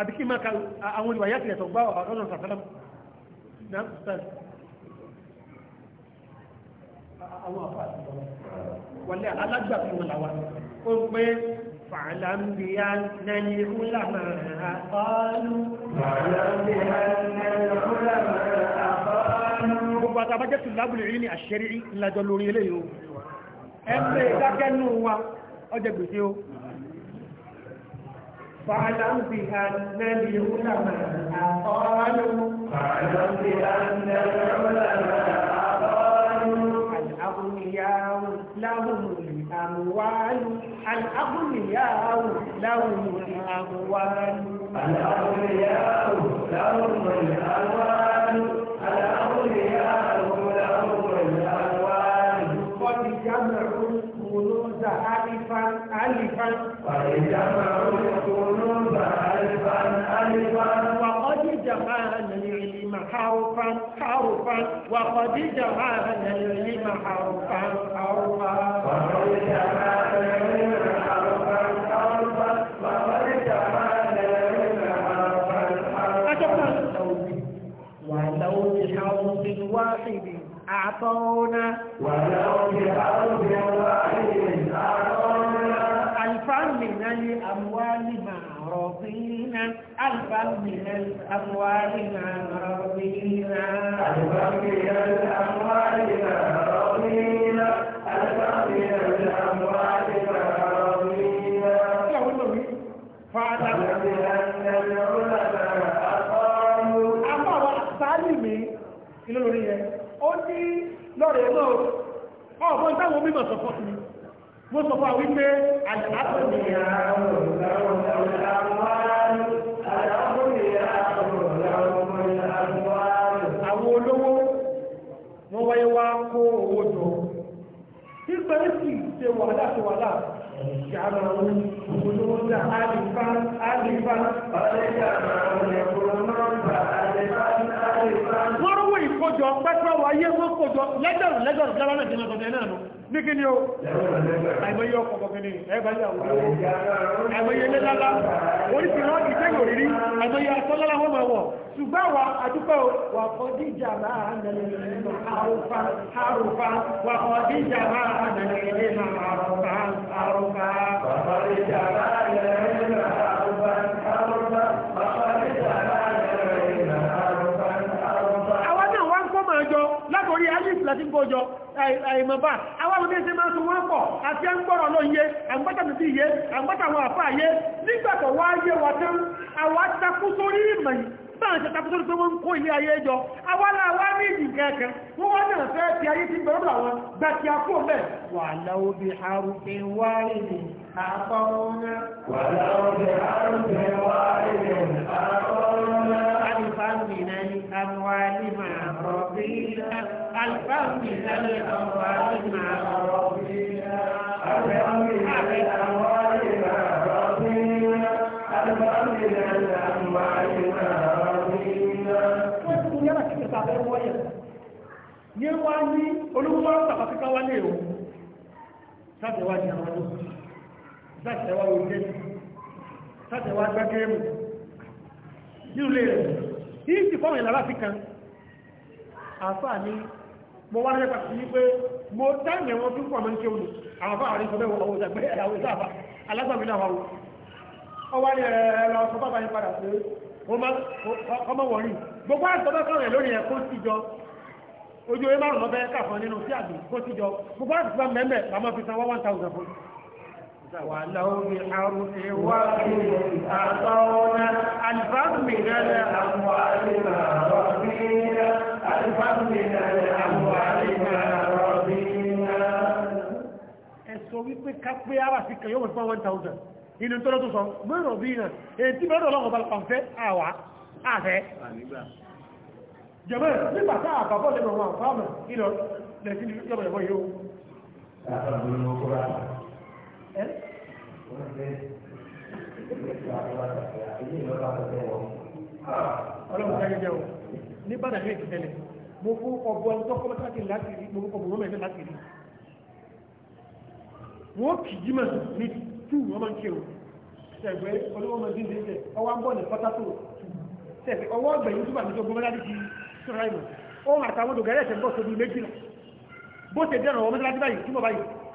àbí kí máa ka àwọn ìwà yàtì ẹ̀tọ̀ gbá ọ̀bà lọ́dọ̀ sàfẹ́lẹ́mù náà sàfẹ́lẹ́mù àwọn àfà wọlé alágbàfin wọn làwà ó pé fàlàmbíyà nani kúlàmà àkọọ́lù fàlàmbíyà nani gbogbo àtàbájẹ́ ọjọ́ gbèsè o. فاعلم بأن العلماء قالوا فاعلم بأن العلماء قالوا الأغنياء لهم الأموال الأغنياء لهم الأموال الأغنياء لهم الأموال الأغنياء ألفا ألفا قد القلوب ألفا ألفا وقد العلم حرفا حرفا وقد العلم حرفا حرفا وقد ولو بحرف واحد أعطونا ولو بحرف واحد ألفا من الأموال مع ربنا ألفا من الأموال مع ربنا ألفا من الأموال مع ربنا فاعلم بأن العلماء أقاموا أما وأحسانهم إلى الأولياء ó ní lọ́rẹ̀ náà ọ̀pọ̀ ìtàwọn mímọ̀ sọ fọ́ mi mo sọ fún àwọn wípé àjẹ́ àtọ́jú ṣe wàhálà ṣe wàhálà ìyára òun olówóńdà àlìfá àlìfá wọ́n rọ́wọ́ ìkójọ pẹ́pẹ́ wáyé wọ́n kójọ lẹ́gbẹ̀rún lẹ́gbẹ̀rún lẹ́gbẹ̀rún lẹ́gbẹ̀rún ní kí ni ó àìmọye ọkọ̀ gọ̀gẹ̀ni ẹgbàáyà àìmọye lẹ́lálá oríṣìí náà ti tẹ́yìn òrírí àìmọye àtọ́lọ́lá wọ́n máa wọ̀ ṣùgbọ́n wà àdúgbò wà kọ́díjà máa nàlẹ̀ àrùfà àrùfà wà kọ́díjà máa nàlẹ̀ àrùfà àrùfà kọ́díjà máa nàlẹ̀ àrùfà àrùfà àwọn náà wá ń kọ́ máa jọ látòrí alif láti ń kó jọ àìmọ̀bá àwọn ọmọdé ṣe máa tún wọ́n pọ̀ àti ẹgbọ́rọ̀ ló yé iye àgbátàwọn àfà yé nígbàtọ̀ wá yé wà tán àwọn takú sórí ìmọ̀ yìí ṣe takú sórí pé ń kó ilé ayé jọ awálà wá náà wà láwọ́ bí arúgbìn wáyé ni àpọ̀ ọ̀nà wà من الأموال ما رضينا ألفا من الأموال ما رضينا ألفا من الأموال ما رضينا ألفا من الأموال ما رضينا wọ́n yára kí ẹ̀ta abẹ́ wọ́ yẹ̀ ní wá ní olúwọ́ tàbátí wá ní èrò sátẹ̀wá ní àwọn ọdún sátẹ̀wá orílẹ̀ sátẹ̀wá gbẹ́gẹ́rù nílé rẹ̀ ìsì fọ́wọ̀n ìlàrá fi kan àfáà ní mo wá rẹ́pà sí pé mo dáìmẹ̀ wọn tún pọ̀ mọ́ ní kí o lè àwọn afáà rí sọ́bẹ̀ wọ́n ọwọ́dà pé ẹ̀yàwó ìsáàfà alágbàmínà wa ó wá ní ẹ̀rọ ọkọ̀ bàbá yín padà pé ọmọ wọ̀rí gbogbo àtọ́bẹ̀ kan rẹ̀ lórí ẹ̀kọ́ síjọ ojú ẹ márùn-ún ọbẹ̀ ولو بحرف واحد أعطونا ألفا من الأموال ما رضينا ألفا من الأموال ما رضينا ẹ̀sọ́ wípé kápé ara sí kan yóò mọ̀ one thousand inú tó sọ mẹ́rọ̀ bí náà èyí tí mẹ́rọ̀ lọ́wọ́ balùpà ń àwà àfẹ́ jẹ́mẹ́ nígbà tá àbábọ́ lẹ́nu àwọn àfáàmù ìlọ lẹ́sìn ìjọba ìwọ̀ yóò ọlọ́run sáyé jẹ́ o ní bàdàn ní ìtìtẹ́lẹ̀ mo fún ọgbọ́n tó kọ́ mẹ́tàkì láti rí mo fún ọgbọ́n mẹ́tàkì láti rí wọ́n kì í mọ̀ ní tú wọ́n máa ń ṣe o ṣẹ̀gbẹ́ olówó máa dín dín tẹ̀ ọwọ́ ń bọ̀ ní pátátó ṣẹ̀gbẹ́ ọwọ́ ọgbẹ̀yìn túbà ní ọgbọ́n mẹ́tàkì ti sọ̀rọ̀ ìmọ̀ ohun àtàwọn dògẹ́rẹ́ ẹ̀sẹ̀ ń bọ̀ sóbi méjìlá bó ṣe dẹ́rọ̀ ọmọ mẹ́tàkì báyìí túbọ̀ báyìí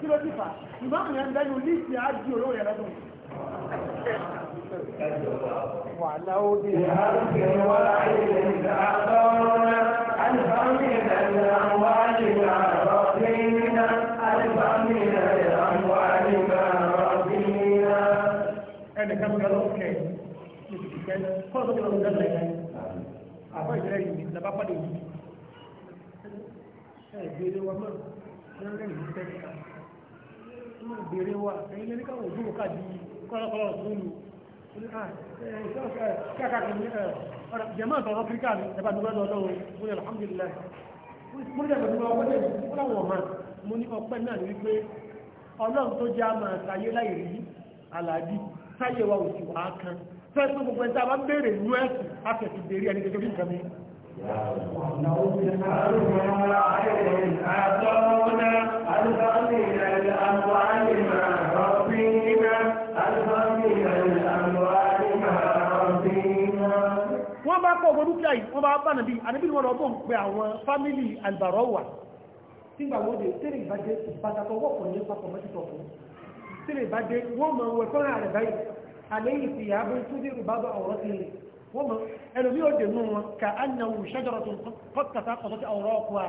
kí ló ti fà ìmáàmù yẹn lẹ́nu líìsì ájú olówó yẹn lọ́dún wàhálà ó dé. ìhàlùkẹ́ wá ilé ìdádọ́rọ́nà alifámi ìdàgbà wá nígbà rọ̀bìnà alifámi ìdàgbà wá nígbà rọ̀bìnà. ẹnìkan bí ọlọ́wọ́ kẹ́ ẹ̀ kọ́lọ́ tó kí lọ́wọ́ dáná ẹ̀ àbọ̀ ìdílé yìí ní ìjọba pàdé yìí. ẹ̀ gbé ilé wa mọ́ ẹ̀ ń rẹ́ ìlú tẹ́lẹ̀ inú ìbèrè wa ẹ̀yìn lẹ́ní káwọn òjú òkà di kọ́lọ́kọ́lọ́ òsúnlù jẹ́mọ́ ìtọ́ áfíríkà ní ẹbà tó lọ́dọ̀ ọlọ́run mo ní alhamdulillah mo ní ẹ̀bẹ̀ tó lọ́wọ́ lẹ́yìn tó láwọn ọ̀hán mo ní ọpẹ́ náà ní wípé ọlọ́run tó jẹ́ àmà sáyé láì rí àlàájì sáyé wa òsì wàá kan wọ́n bá pọ̀ ọmọ dúkìá yìí wọ́n bá bá nàbí àníbí wọn lọ́gbọ́n pẹ àwọn fámílì àlbàrọ́wà tí gbà wọ́n dé tẹ́lẹ̀ ìbájẹ́ ìbátakọ̀ wọ́pọ̀ ní papọ̀ mọ́títọ̀ fún tẹ́lẹ̀ ìbájẹ́ wọ́n mọ̀ wọ́n bí àwọ̀rọ̀ wọ́n mọ̀ ẹlòmí ò dènú wọn ka annahu shajaratun qad tasaqatat awraquha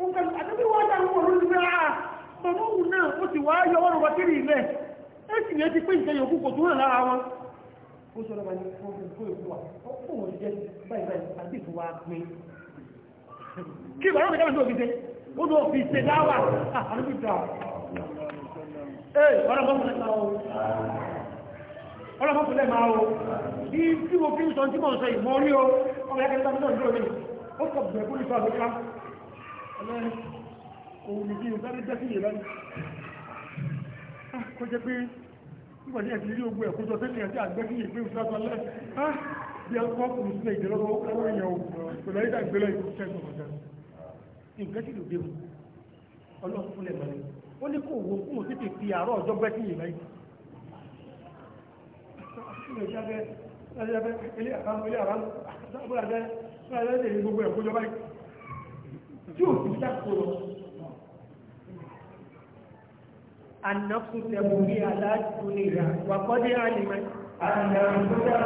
ó kẹ́ àtẹ́bí wọ́n dá wọn lórí rẹ̀ à ah, bàbá òun náà ó ti wá yọ wọn bàtírì ilẹ̀ ẹ sì yẹ ti pé ìṣẹ́ yòókù kò tún hàn lára wọn ó sọ lọ́ba ní fún fún fún ìfúwa ó fún wọn jẹ báyìí báyìí àti ìfúwa pin kí ìbára mi dáhùn tó fi ṣe ó lọ fi ṣe dáwà ah, àlùbí dáwà ee ọ̀rọ̀ bọ́ ọlọ́mọ́kùnlẹ̀ máa o bí tí mo fi ń sọ tí mọ̀ sọ ìmọ̀ orí o ọmọ ẹgbẹ́ tó tọ́ ìdúró mi ó kọ̀ bẹ̀rẹ̀ kó nípa àgbẹ̀ká ọlọ́rin òun ní kí n sáré jẹ́ sí ìrẹ́lẹ́ ah, kó jẹ́ pé nígbà ní ẹ̀sìn rí ogun ẹ̀kọ́ jọ sẹ́yìn àti àgbẹ́ ah, sí ìgbé òṣìṣẹ́ sọ lẹ́ bí ọkọ̀ kùn sí ìdẹ́lọ́wọ́ ọwọ́ ìyẹn o pẹ̀lú ayé dàgbélẹ̀ ìkúṣẹ́ ìṣọ̀kan nǹkan sì lòdì ọlọ́kùnlẹ̀ mọ́ni ó ní kó wo kó mo tètè fi àárọ̀ ọjọ́ gbẹ́sìn ìrẹ́lẹ́ النفس تبغي على الدنيا وقد علم النفس تبغي على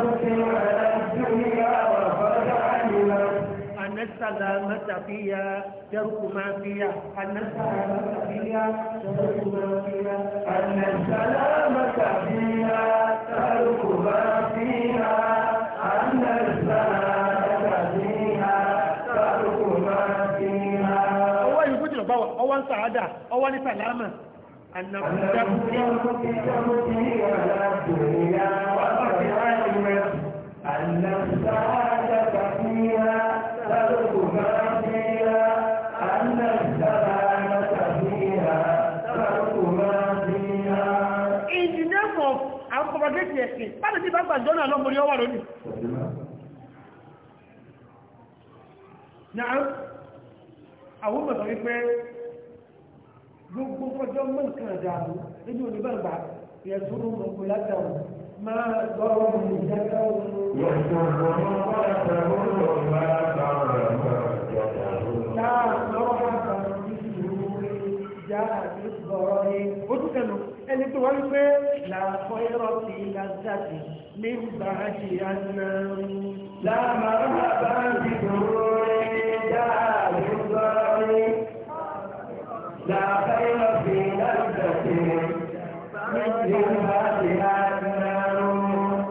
الدنيا وقد علم أن السلامة فيها ترك ما فيها أن السلامة فيها ترك ما فيها أن السلامة فيها ترك wá ń sàádà ọwọ́ ní sàlámà Ìjìdẹ́fọ̀ ẹ̀sìn, bá lè sí bá gbàjọ́ náà lọ́mọ ní ọwà lónìí. Nàá, àwọn mọ̀ sọ wípé gbogbo kọjọ mọ nǹkan dàrú ẹni ò ní bá gbà yẹn tó ló mọ kó láti àwọn máa gbọ́rọ̀ mi ìdájọ́ òun. yóò tó kọ́ ọ́ bá ẹ̀fẹ̀ ó lọ bá bá ọ̀rọ̀ náà jọ̀dá táà lọ́wọ́ àtàwọn ìṣòro rẹ̀ já àti gbọ́rọ̀ rẹ̀ ó tún kẹ́nu ẹni tó wá wípé làkọ́ ẹ̀rọ ti lásàtì ní gbàgbé àná. làmàlà bá ń dìbò لا خير في لذة مثلها بها النار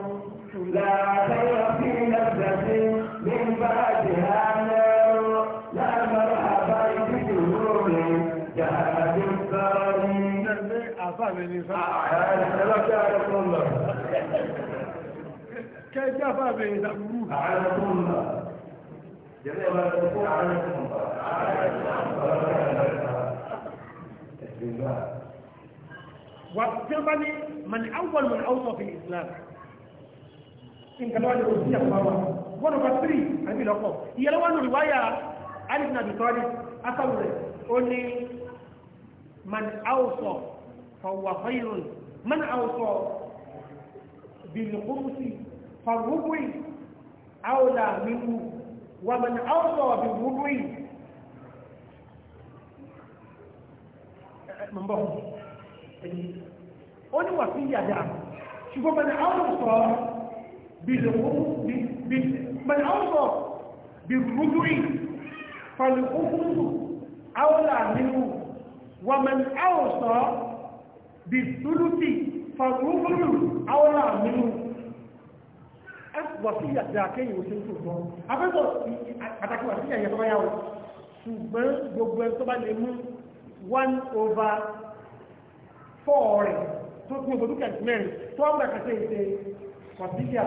لا خير في لذة من بعدها نار لا مرحبا بجنون جهاد الثاني كيف فاهمني يسموه على الله جميع ما تقول على الله wọ́n bá ní mani awwal mani awsọ fi islam nǹkan lọ́wọ́ ni o sí àwọn wa wọ́n nọ bá tírì àbí lọ́kọ̀ ìyẹ́lẹ́ wọn lórí wáyà alif nabi tọ́lí asáwù ó ní mani awsọ fọwọ́ fọyìnrún mani awsọ bìlùkúrúsì fọwọ́ wúwì àwòlà mímú wà mọ̀bọ̀ ó ní wàfí yàdá ṣùgbọ́n mẹ́ni àwọn sọ bí rúdúrí fọlùkúnkúnkú àwọ́là nínú wà mẹ́ni àwọn sọ bí túlùtì fọlùkúnkú àwọ́là nínú wàfí yàdá kéyìn òṣèlú ṣùgbọ́n afẹ́sọ̀ pàtàkì wàfí yàdá yàtọ̀ yàwó ṣùgbọ́n gbogbo ẹ̀ tó bá lè mú one over four rẹ̀ tó tún ìbò dúkìá mẹ́rin tó ń bẹ̀rẹ̀ kẹsẹ̀ ìṣe kọ̀síkíà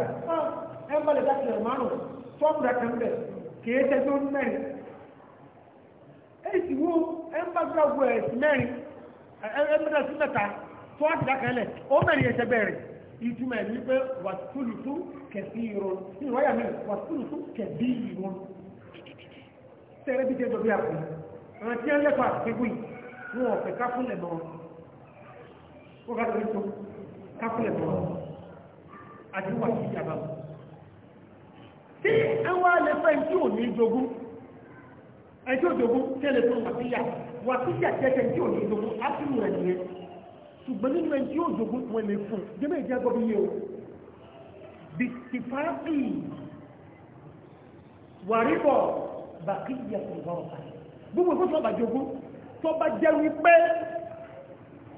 ẹ ń balẹ̀ dákìlẹ̀ márùn tó ń bẹ̀rẹ̀ kan bẹ̀ kìí ṣe tó mẹ́rin èyí wo ẹ ń bá gbàgbọ́ ẹ̀ sí mẹ́rin ẹ ń bẹ̀rẹ̀ sí mẹ́ta tó ń dákẹ́ lẹ̀ ó mẹ́rin ẹ̀ṣẹ̀ bẹ̀rẹ̀ ìtumọ̀ ẹ̀ wípé wàtúlùtù kẹ̀sí irun ní ìwáyà mi wàtúlùtù kẹ̀bí irun tẹ́rẹ́ bí jẹ́ dọ̀bí àpò rántí lẹ́kọ̀ọ́ àti wọn ọ̀fẹ́ káfúnlẹ̀ mọ́ wọn bá tó tó káfúnlẹ̀ mọ́ àti wà sí ìjàmbá tí ẹwà lè fẹ́ tí ò ní jogún ẹjọ́ jogún tẹ́lẹ̀ tó wà síyà wà síyà tẹ́tẹ́ tí ò ní jogún á sì rẹ̀ nìyẹn ṣùgbọ́n nínú ẹni tí ó jogún wọn lè fún jẹ́mọ̀ ìjẹ́ agbọ́bí yẹ o bí ti fáàpì wàríbọ̀ bàkíyà tó bá ọ̀tá gbogbo ìgbésọ̀ bàjọ́gún tó bá jẹ́ wípé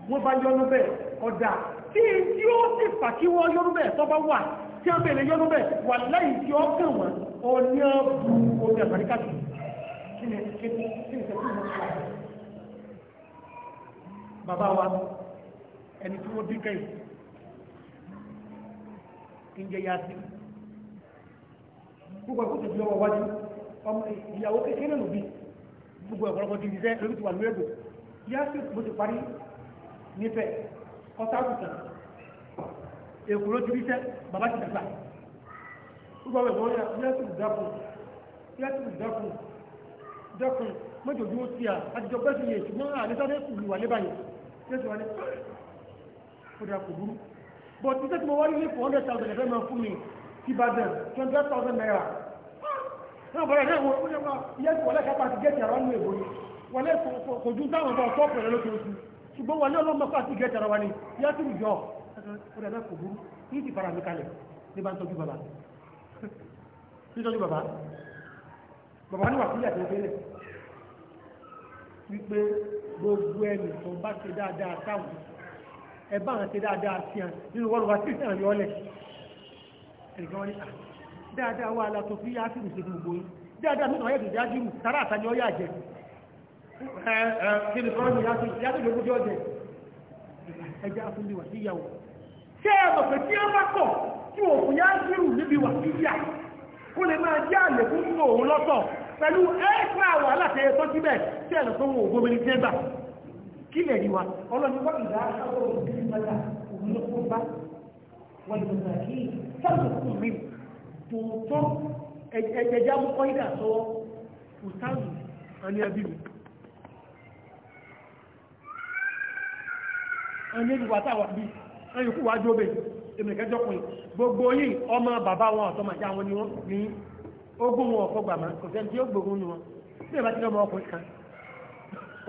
wọ́n bá yọnu bẹ́ẹ̀ ọ̀dà tí tí ó sì fà kí wọ́n yọnu bẹ́ẹ̀ tó bá wà tí wọ́n bèèrè yọnu bẹ́ẹ̀ wà lẹ́yìn tí ó kàn wọ́n ọ̀ní ọ̀bù omi àfàríkà tù kí ni kí ni kí ni sẹ́kù mọ́ bàbá wa ẹni tí wọ́n bí kẹ́yìn kí n jẹ yá sí púpọ̀ kó tó di ọwọ́ wájú ìyàwó kékeré lòbí gbogbo ọ̀pọ̀lọpọ̀ ti ṣiṣẹ́ lórí ti wà ní ẹ̀bù yásù mo ti parí nífẹ̀ ọ̀sáàkùtàn èkó ló ti ríṣẹ́ bàbá ti dàgbà gbogbo ọ̀pọ̀ ẹ̀bọ̀ yásù dákun yásù dákun dákun mọ́jọ dúró sí à àtijọ́ gbẹ́sùn yẹn ṣùgbọ́n àlẹ́sàdé kù wà lé báyìí yásù wà ní kó dà kò burú bọ̀ títẹ́ tí mo wá nílé four hundred thousand ẹ̀fẹ́ máa fún mi ti bàdàn twenty thousand naira náà bọ̀rẹ̀ náà wọ́n ní ọmọ ìyá tí wọlé kápá ti gẹ́tì àrọ́ nínú ìbòyí wọlé kò ju táwọn ọmọ ọ̀tọ́ pẹ̀lú lóṣooṣù ṣùgbọ́n wọlé ọlọ́mọ pa ti gẹ́tì àrọ́ wa ni ìyá tí mi yọ ọ̀rẹ́ náà kò burú ní ti fara mi kalẹ̀ ní bá ń tọ́jú bàbá nítọ́jú bàbá bàbá ní wàkúlẹ̀ àti ìpínlẹ̀ wípé gbogbo ẹni tó bá ṣe dáadáa táwọn ẹ bá àwọn ṣe dáadáa sí àwọn nínú wọ́n lọ́wọ́ sí ìsìn àyọ́lẹ̀ dáadáa wà látọ̀ fi yá sí ìṣẹ́gun gbogbo yìí dáadáa mẹ́tọ̀ ayẹ́ tòjá jírù tàrà àtàní ọyá jẹ kí ni kọ́ ní yá sí ìyájọ́ ìlú jọ jẹ ẹjá fún mi wà sí ìyàwó ṣé ẹ mọ̀ pé tí ẹ bá kọ̀ tí òkun yá jírù níbi wà sí ìyà kó lè máa jẹ́ àlékún fún òun lọ́tọ̀ pẹ̀lú ẹ́ẹ̀kọ́ àwọn alátẹ̀yẹ tó jí bẹ̀ tí ẹ̀nà tó wọn ògbómi ní tẹ́gbà kí lẹ̀ ní wa ọlọ́ni wọ́n ìdá aṣáwọ̀ òun ní mọ́ta òun ló kí sọ́dọ̀ kù mí tòótọ́ ẹ̀jẹ̀já mú kọ́ ìdà sọ́wọ́ ìtàzù àní abìrù àní ìlúwà táwà bí ẹni kú wá jóbe ìmìnkẹjọ́ pin gbogbo yìí ọmọ bàbá wọn ọ̀tọ́ màjá wọn ni wọ́n ní ogún wọn ọ̀kọ́ gbàmà kò sẹ́ni tí ó gbogbo ní wọn bí ẹ̀bá tí lọ́mọ ọkùnrin kan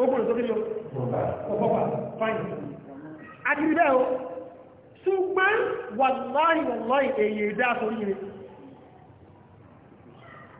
ogún lọ sókè ní ọkọ̀ wà fáìn àti bẹ́ẹ̀ o ṣùgbọ́n wàláhì wàláhì èyí dá sórí rẹ̀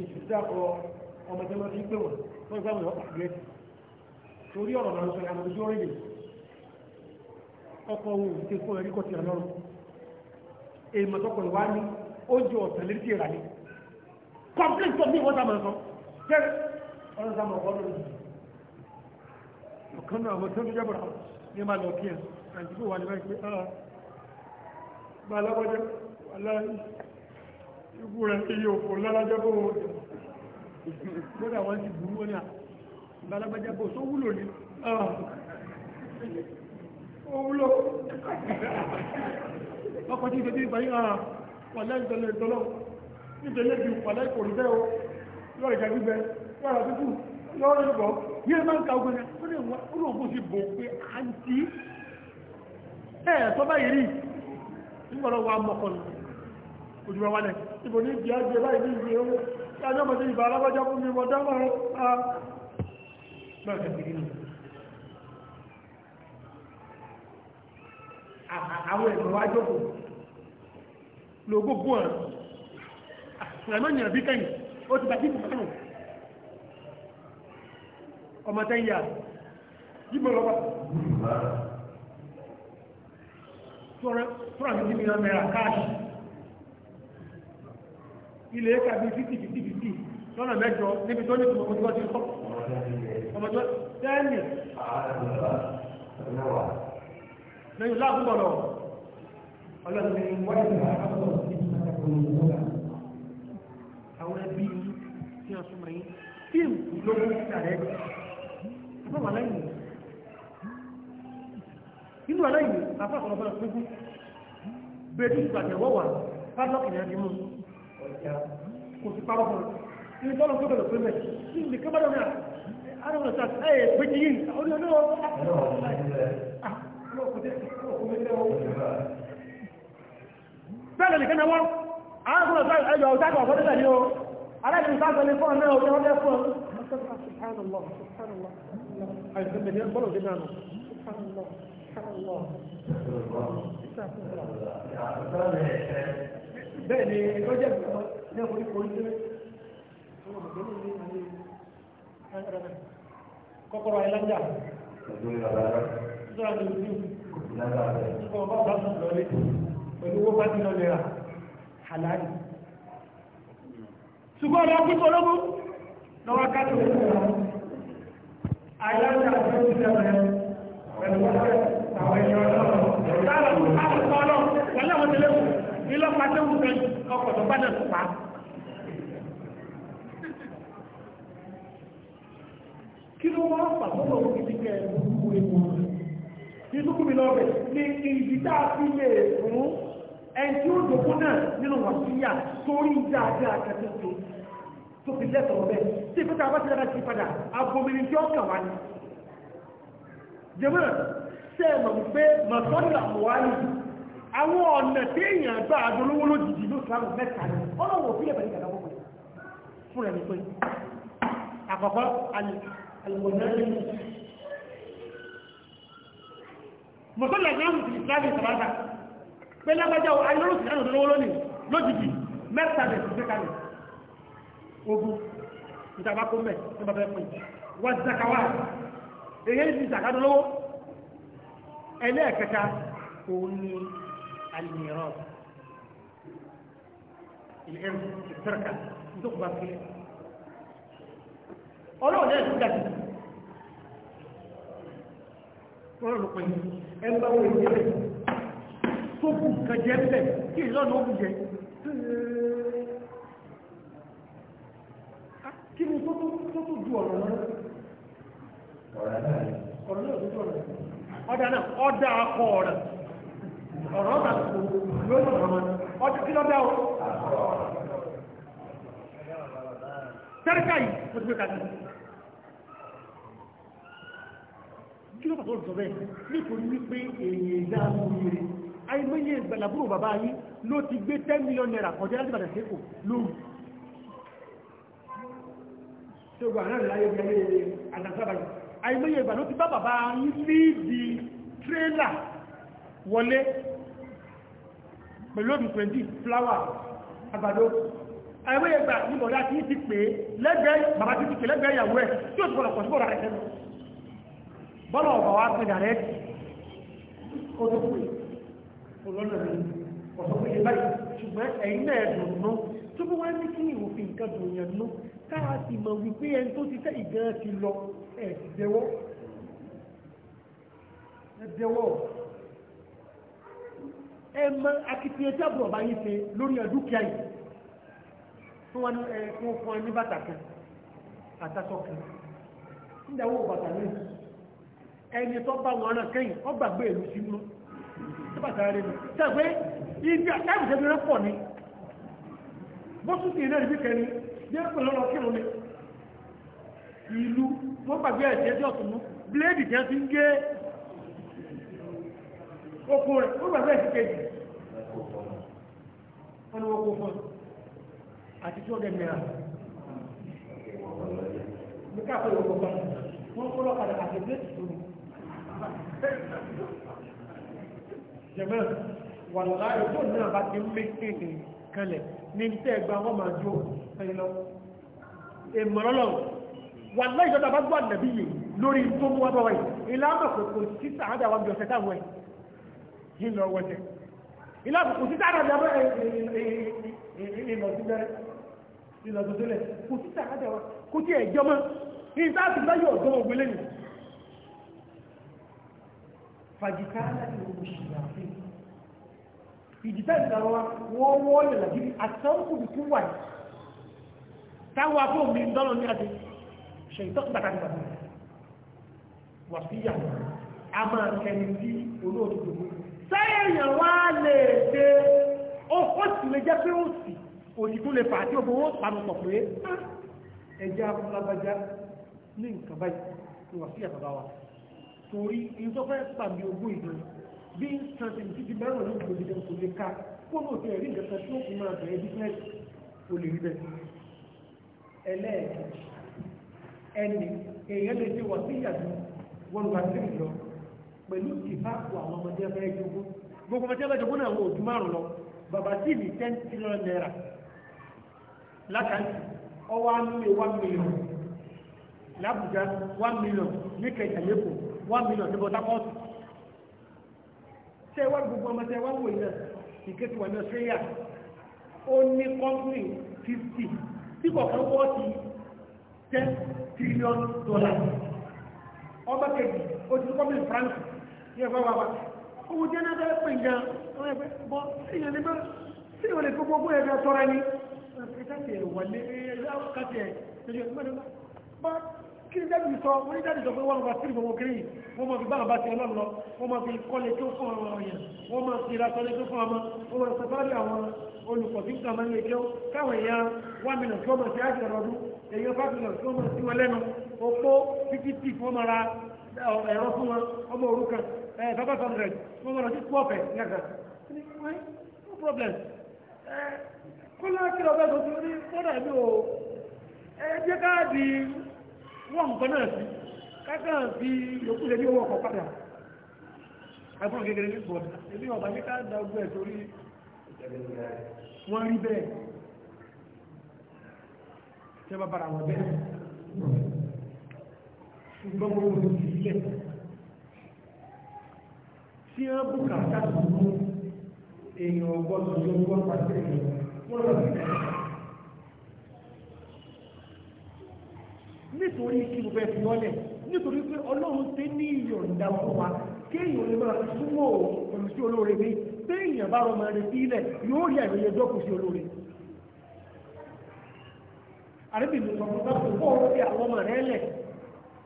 ìsìdákọ ọmọ tí wọ́n ti pè wọ́n wọ́n gbá wọn ọ̀pá gẹ́ẹ̀tì torí ọ̀rọ̀ náà sọ àwọn ojú orílẹ̀ ọkọ̀ ohun ìdíje fún ẹ̀rí kọ̀tì ọlọ́run èèmọ̀ tọkọ̀ ìwá ní oúnjẹ ọ̀tàn lérí ti rà ní complaint of me wọ́n sàmọ̀ sọ jẹ́rẹ̀ ọ̀rọ̀ sàmọ̀ ọ̀rọ̀ lórí ọ̀kan náà àwọn tó ń jẹ́ bọ̀rọ̀ ní ma lọ kí ẹ̀ àti kó wà ní báyìí pé ah bá alábọ́jẹ́ aláì ikú rẹ̀ iye òfò lọ́lájọ́ bó wọ́n kódà wọ́n ti burú wọn ní àbálágbájá bó tó wúlò ní ó wúlò ọkọ̀ tí ìgbẹ̀tí ìgbà yíra wàlẹ́ ìtọ́lẹ̀ ìtọ́lọ́ nítorí bí wàlẹ́ kò rí o lọ́rẹ̀ ìjà gbígbẹ lọ́rẹ̀ tútù lọ́rẹ̀ ìgbọ̀ bí ẹ máa ń ka ogun ẹ̀ ó lè wọ́n sí bò pé àǹtí ẹ̀ tọ́ báyìí rí nígbọ̀lọ́wọ́ amọ̀kọ̀lù òjúwà ìbò ní ìdí ajé báyìí ní ìwé owó lájọ́ mọ̀sí ìbà alábájá fún mi mọ̀dá mọ̀rún ah. a bẹ́ẹ̀ kìí ní àwọn ẹ̀mọ̀ wá jókòó lò gbogbo ọ̀rọ̀ ìrànlọ́nyìn àbí kẹ́yìn ó ti bàtí ìbùkánù ọmọ tẹ́yà yíbo ní mìíràn mẹ́ra káàkiri ilé kàbí fifty fifty fifty lọ́nà mẹ́jọ níbi tó ní tòmọ̀ ọmọdé ọdún sọ́kù ọmọdé tẹ́ẹ̀nì. lẹ́yìn láàbùkọ lọ ọlọ́run ní wọ́n ti rà ápọ̀ àwọn ẹbí tí wọ́n súnmọ́ yín tí ìlú lókun ti dàrẹ́ àbọ̀ wà lẹ́yìn nínú aláìní àfàkọ̀lọ́fà gbogbo bẹ́ẹ̀ tó ti gbàgbẹ́ wọ́wà pálọ́kì ní ẹbí mú kò sí pàrọ̀ fún un ní tọ́lọ̀ tó bẹ̀rẹ̀ pẹ̀lú ẹ̀ ní ìdí kébàdàn náà ara wọn sá ẹ̀ péjì yìí àwọn ah, ọ̀nà ah, bẹ́ẹ̀ nìkan náà wọ́n àwọn ọ̀sán ẹ̀yọ̀ ọ̀sán kan ọ̀sán nílẹ̀ ni ó aláìsí sáà sọ́ni fún ọ̀nà ọ̀sán ọ̀sán fún ọ̀sán subhanallah subhanallah àìsàn mẹ́rin bọ́lọ̀ dé náà subhanallah subhanallah bẹ́ẹ̀ ni lọ́jẹ́ ìgbàmọ́ ní ọkùnrin kò ń tẹ́ kọ́kọ́rọ̀ àìlájà pẹ̀lú owó bá ti lọ lè rà àlàáyì ṣùgbọ́n ọ̀rọ̀ pípọ̀ lọ́gbọ́ lọ́wọ́ káàkiri ìgbàmọ́ àìlájà pẹ̀lú ìgbàmọ́ pẹ̀lú àwọn ẹ̀yọ́ ọlọ́run ilé ọ̀pá tó wù fẹ́ ọkọ̀ tó bá náà pa. kí ló wá pàtọ́lọ̀ òun ibi kẹ́ ẹ̀rù ewu nínú kúmi lọ́rẹ̀ ní ibi tá a fi lè fún ẹni tí ó dòkó náà nínú wàsíyà torí dáadáa kẹtẹ́ tó tó fi lẹ́tọ̀ọ́ bẹ́ẹ̀ tí ìpínlẹ̀ abá ti dára sí padà abomini tí ó kàn wá ní. jẹ́mọ́ sẹ́ẹ̀ mọ̀ wípé màtọ́lọ̀ àmúwáyé àwọn ọ̀nà tí èèyàn gbà àjọlówó lójijì ló sàrò mẹ́ta ní ọlọ́wọ̀ òfin ẹ̀bẹ̀rẹ̀ ìgbàgbà pọ̀ fún rẹ̀ ní pé àkọ́kọ́ alìmọ̀lẹ́rìn mọ̀sọ́lẹ̀ náà ti ìsìláàmì ìsàbáta pé lágbàjá ayélujá ìrànlọ́wọ́ lónìí lójijì mẹ́ta rẹ̀ ti gbé kalẹ̀ ogun ìtàbákó mẹ́ tó bá fẹ́ pín wọ́n zakawa èyí ti zàkádọ́lọ́wọ́ ẹlẹ́ẹ̀kẹta òun ni الميراث الإرث التركة تقبل فيه ọlọ́run náà ti dàgbà wọ́n lọ pẹ̀lú ẹgbẹ́ owó ìjẹ́ tó kù kan jẹ́ bẹ̀ kí ìlọ́nà òkú jẹ kí ni tó tó ju ọ̀rọ̀ lọ́rọ̀ ọ̀rọ̀ náà ọ̀dà náà ọ̀dà akọ ọ̀rọ̀ ọ̀rọ̀ ọ̀gá tó ló ń sọ̀rọ̀ wọn ọdún kí ló dá o. tẹ́ríkà yìí ó ti gbé kalẹ̀ kí ló pàtó sọ bẹ́ẹ̀ nítorí wípé èèyàn ìdá amúyere àìmọye ìgbàlàbúrò bàbá yín ló ti gbé ten million naira kọjá láti bàtà sẹ́kọ̀ọ́ lóru tó gbà náà láyé bí ayé àdàsábàyí àìmọye ìgbà ló ti bá bàbá yín líìdì tírélà wọlé pẹ̀lú òbí 20 flower àgbàdo ẹwé ẹgbà ní bọ̀dá tí ti pè lẹ́gbẹ̀ẹ́ bàbá tí ti pè lẹ́gbẹ̀ẹ́ ìyàwó ẹ̀ tí ó ti bọ̀lọ̀ pọ̀sí bọ̀rọ̀ ẹ̀sẹ̀ bọ́lọ̀ ọ̀bà wa pè dàrẹ́ ó tó pè olóńdà mi ọ̀sọ̀ pé báyìí ṣùgbọ́n ẹ̀yìn náà dùn nú tó bí wọ́n ní kí ìwòfin nǹkan dùn yẹn nú káà sì mọ̀ wípé ẹni tó ti tẹ́ ìgbẹ́ ti lọ ẹ̀ ti dẹwọ́ ẹ ẹ mọ akitiyan tí àbúrò bá yín ṣe lórí ẹ̀dúkìá yìí fún wọn fún fún ẹ ní bàtà kan àtàṣọ kan nígbàwó bàtà ẹni tó bá wọn ràn kẹ́yìn ọ gbàgbé ìlú sínú tí bàtà rẹ̀ nù tẹ́gbẹ́ ibi àtàbùsẹ́ bí ni kẹrin kírun ni ìlú gbàgbé mú ti ń gé okun rẹ̀ ó gbàgbé ẹ̀sìn kejì wọ́n ni wọ́n kó fún àti tí ó dẹ̀ mìíràn ní káàkiri ìwọ̀n kó fún wọ́n kó lọ́kadà àti bíléèkì tó ní jẹ̀mọ́ wàlúwàá yóò tó náà bá ti ń mé kéèké kalẹ̀ ní tẹ́ ẹgbà wọ́n máa jó ẹ̀yìn lọ ìmọ̀lọ́lọ́ wà láìsọ́ta bá gbọ́ àdàbí yìí lórí tó mú wá bọ́ wáyìí ìlànà kòkò sí sàádà wà bí ọ̀sẹ̀ táwọn yí lọ wọ́jẹ̀ ilé àkùkù sí tààdà jẹ́ ìlọ̀sílẹ̀ kò sí tààdà wa kò tí ẹ̀jọ́ mọ́ ní ìsáàtì láyé ọ̀dọ́ ògbélé nì fàjìká láti ogun ṣìyàfí ìjìtá ìdára wa wọ́n wọ́n lè làjírí àtàkùnrin tó wà táwọn afọ́ mi dọ́nà ní àti ṣe ìtọ́kùnbàtà nígbàtà wà sí yà a máa kẹni sí sẹ́yìn wá lè dé ó sì lè jẹ́ pé ó sì òdìkú lè fà àti òbòwò pàánù pọ̀ pé ah, ẹjẹ́ abúlábájá ní nǹkan báyìí ni wà sí àbàbá wa torí ìtọ́fẹ́ pàmì ogún ìdán bí n san ti ti ti mẹ́rùn ní ìgbòdìdàn kò lè ka kó ní òfin ẹ̀rí nǹkan tí ó fi máa bẹ̀rẹ̀ bísínẹ́sì kò lè rí bẹ́ẹ̀ ẹlẹ́ẹ̀kejì ẹni èèyàn lè ṣe wà sí ìyàdùn wọn wà sí ìlọ pẹ̀lú ìfáàkù àwọn ọmọdé ẹgbẹ́ ìjogún gbogbo ọmọdé ẹgbẹ́ ìjogún náà wọ ojú márùn lọ bàbá tí ní ten trillion naira lákàntì ọwọ́ anúlé one million làbújá one million ní kẹjà lẹ́kọ̀ọ́ one million ní bọ́tàkọ́ọ̀tù ṣé wá gbogbo ọmọdé wá wò iná ìkẹ́tù wà ní Australia ó ní kọ́mpìnì fifty tí kọ̀ọ̀kan wọ́ọ̀tì ten trillion dollars ọba kejì ó ti France yẹ fẹ́ wà wá owó jẹ́ náà bẹ́ẹ̀ pín gan wọ́n yẹ fẹ́ bọ́ èèyàn ní bẹ́ẹ̀ sí ìwọ̀n lè kó gbogbo ẹ̀ bẹ́ẹ̀ tọ́ra ẹni kátì ẹ̀ wọlé kátì ẹ̀ ẹ̀jọ̀ mẹ́rin bá kí ni dájú sọ wọ́n ní dájú sọ pé wọ́n lọ bá sí ìbọn kiri wọ́n máa fi bá àbá ti ọlọ́run lọ wọ́n máa fi kọ́lé tó fún ọmọ ọ̀yàn wọ́n máa fi ra sọlé tó fún ọmọ wọ́n máa sọ sọ́ọ́dì àwọn olùkọ́ tí kò máa ń ẹ̀ five hundred mo gbọ́dọ̀ sí two ọ̀fẹ́ nígbà no problem eh, kọ́lá kílọ̀ bẹ́ẹ̀ tó ti rí kọ́dà mi ò ẹ eh, jẹ́ káàdì wọ́n nǹkan náà sí kákan fi yòókù lè ní owó ọkọ̀ padà ẹgbọ́n kékeré ní bọ̀dà ebi ọba ní ká da ogun ẹ̀ torí wọ́n rí bẹ́ẹ̀ tẹ́ bá bara wọn bẹ́ẹ̀ ṣùgbọ́n mo rò sí ilẹ̀ tí wọ́n bú kàtà tuntun èèyàn ọgbọ́dọ̀ yóò gbọ́ pàṣẹ èèyàn wọ́n lọ sí ẹ̀. nítorí kí mo fẹ́ fi wọ́lẹ̀ nítorí pé ọlọ́run ti ní ìyọ̀ǹda fún wa kéèyàn lè máa súnmọ́ olùsí olóore mi téèyàn bá rọmọ rẹ sílẹ̀ yóò rí àìròyìn ẹjọ́ kù sí olóore. àrẹ́bìnrin sọ̀rọ̀ bá kò fọ́ ọ̀rọ̀ sí àwọn ọmọ rẹ̀ lẹ̀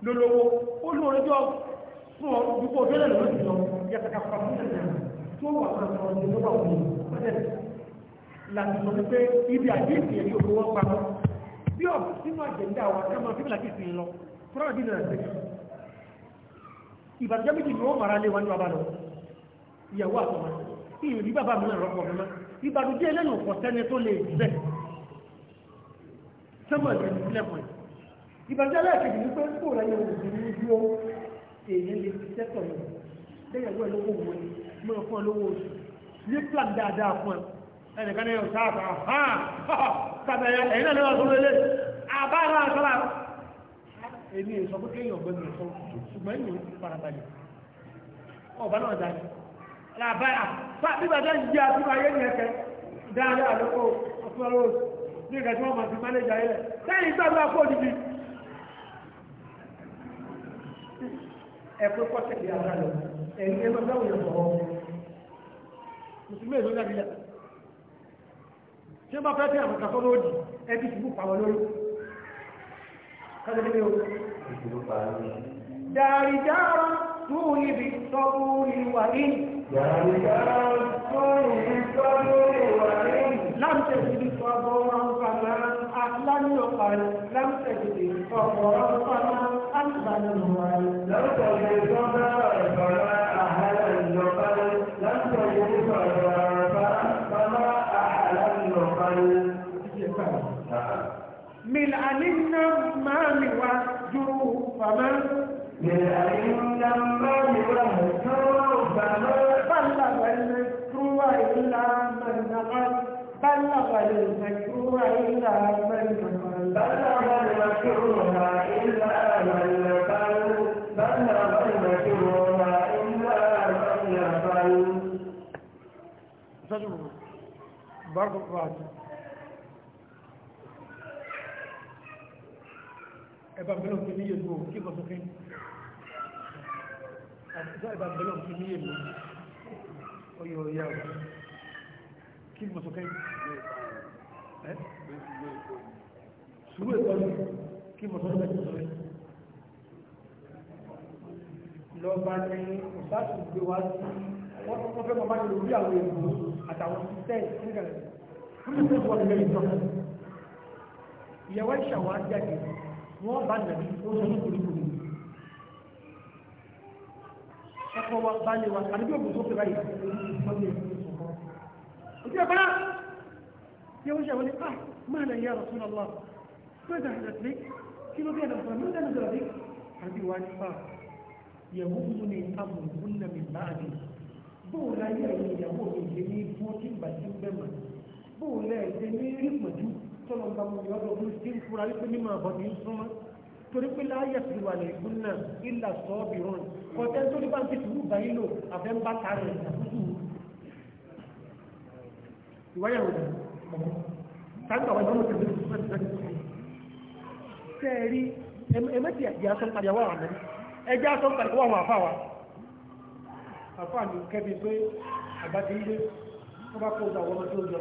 lólówó olóore jọ fún ọ dúpọ̀ bẹ́ẹ̀ lọ́wọ́ ti lọ yàtàkà fàmù nàìjíríà tí ó wà fún àwọn ọmọdé lọ́wọ́ òun pẹ́lẹ́ láti sọ wípé ibi àdéhìí ẹ̀yí òkú wọn pa bí ọ̀ sínú àjẹ̀ndà wa ká máa fíbílà kìí sìn lọ fúnra bí nàìjíríà sẹ́yìn ìbàjẹ́ méjì ni wọ́n mara lé wọn ní ọba lọ ìyàwó àtọ́mọ́ ìyìn rí bàbá mi náà rọ́pọ̀ mi náà ìbàdújẹ́ ẹlẹ́nu ọ̀pọ̀ sẹ́ni tó lè jẹ́ sẹ́mọ̀ ìbàjẹ́ lẹ́ẹ̀kejì ní pé kó rẹ̀ yẹ òṣèlú ní dúró èèyàn lè fi sẹ́tọ̀ yẹn lẹ́yìn owó ẹlọ́wọ́ wọn ni mo ń fún ọ lówó oṣù ní plan dáadáa fún ẹ ẹnìkan ní ọ̀sá àbá hàn sábẹ̀yà ẹ̀yìn náà lọ́wọ́ sọ́wọ́ lé àbá ara àtọ́lá èmi èso pé kéèyàn ọ̀gbẹ́ni ẹ̀sọ́ ṣùgbọ́n èmi ò farabalẹ̀ ọ̀bá náà dáa làbáyà bá bíbá dá yíyá tí wọ́n ayé ní ẹ̀kẹ́ dáadáa lọ́kọ̀ ọ̀fọ́lọ́wọ́ ní ìgbà tí wọ́n mọ̀ sí mánéjà ilẹ̀ lẹ́yìn ìgbàgbọ́ àpò òdìdí ẹ̀kọ́ kọ́tẹ̀ bí ara lọ ẹ̀yìn ẹgbẹ́ bẹ́ẹ̀ wòye sọ̀rọ̀ mùsùlùmí èso jáde yá tí wọ́n bá fẹ́ tẹ́ àwọn kàfọ́ lóòdì ẹbí ìṣubú pàwọ́ lórí kájọ́dé o dàrí dára tó níbi sọ́kú ìwà yìí dàrí dára tó níbi sọ́kú ìwà yìí láti ṣe ọgbọ̀n ọ̀pàá láti ọ̀pàá láti ṣe ọgbọ̀n ọ̀pàá من علمنا ما نوجه فما من علمنا ما نوجه فما بلغ المشروع إلا من نقل بلغ المشروع إلا من نقل بلغ المشروع barbat ẹba mẹ́lọ̀ tí ní yẹ̀lú kí kọ́ sókè àtijọ́ ẹba mẹ́lọ̀ tí ní yẹ̀lú ọyọ̀ ọ̀yà ọ̀ kí kọ́ sókè sùúrù ẹ̀kọ́ ní kí kọ́ sókè lọ́ba ní ọ̀sásùgbé wá sí wọ́n fẹ́ mọ́ bá ní orí àwọn èèyàn àtàwọn tẹ́ẹ̀ sí ìgbàlẹ̀ kúlù tó wọ́n lè jọ ìyàwó ìṣà wà jáde wọ́n bá nàbí ó sọ ní kúrúkúrú ọkọ̀ wa bá lè wa àdúgbò kò tó fẹ́ra yìí ojú ẹ̀bọ́n ìyàwó ìṣà wọ́n lè ah máa nà ya Rasulullah ماذا حدث لك kí ló bí ẹ̀dọ̀ sọ̀rọ̀ mọ́tẹ́ ló sọ̀rọ̀ bí àbí wá ní fà yẹ̀wò mú ní amò múnà mi báàdì bóòlù ayé ẹ̀yìn ìyàwó mi ṣe ní fún tí bàtí bẹ́ẹ̀ mọ̀ bóun lẹ ẹsẹ ní rí pẹ̀lú tọnà gbàmù yọ ọdọ fún sí fúra wípé mímọ àbọ ní súnmọ́ torí pé láàyè fi wà lè gún náà ìlà sọ ọ bì rún kọtẹ tó ní bá ń fi tùrú bá yín lò àfẹ ń bá ta rẹ àkókò ìwáyà wò táǹkà wà lọ́wọ́ tẹ̀lé sẹ́ẹ̀rí ẹ̀mẹ́tì ẹ̀jẹ̀ asọ́ padà wà wọn ẹ̀jẹ̀ asọ́ padà wà wọn àfa wa àfa kẹ́bi pé àbá ń gbé wọ́n bá kó ọgbà wọn tó jọ.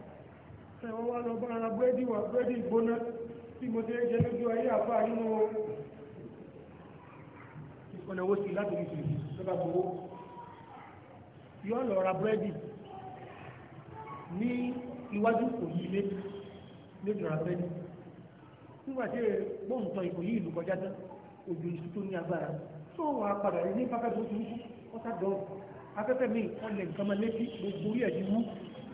ẹ̀wọ́n wá lọ bára búrẹ́dì wà búrẹ́dì ìgbóná tí mo ti jẹ lójú ayé àfà nínú ìkọ̀nà owó sí láti rí sí lọ́ba gbowó yọ lọ ra búrẹ́dì ní iwájú kò ilé méjì ra búrẹ́dì nígbà tí gbóǹtọ̀ ìkò yí ìlú kọjá tán òjò ìṣú tó ní agbára tó wà padà ní pápá tó ti ń dọ̀ afẹ́fẹ́ mi ọ̀lẹ̀ nǹkan máa létí gbogbo orí ẹ̀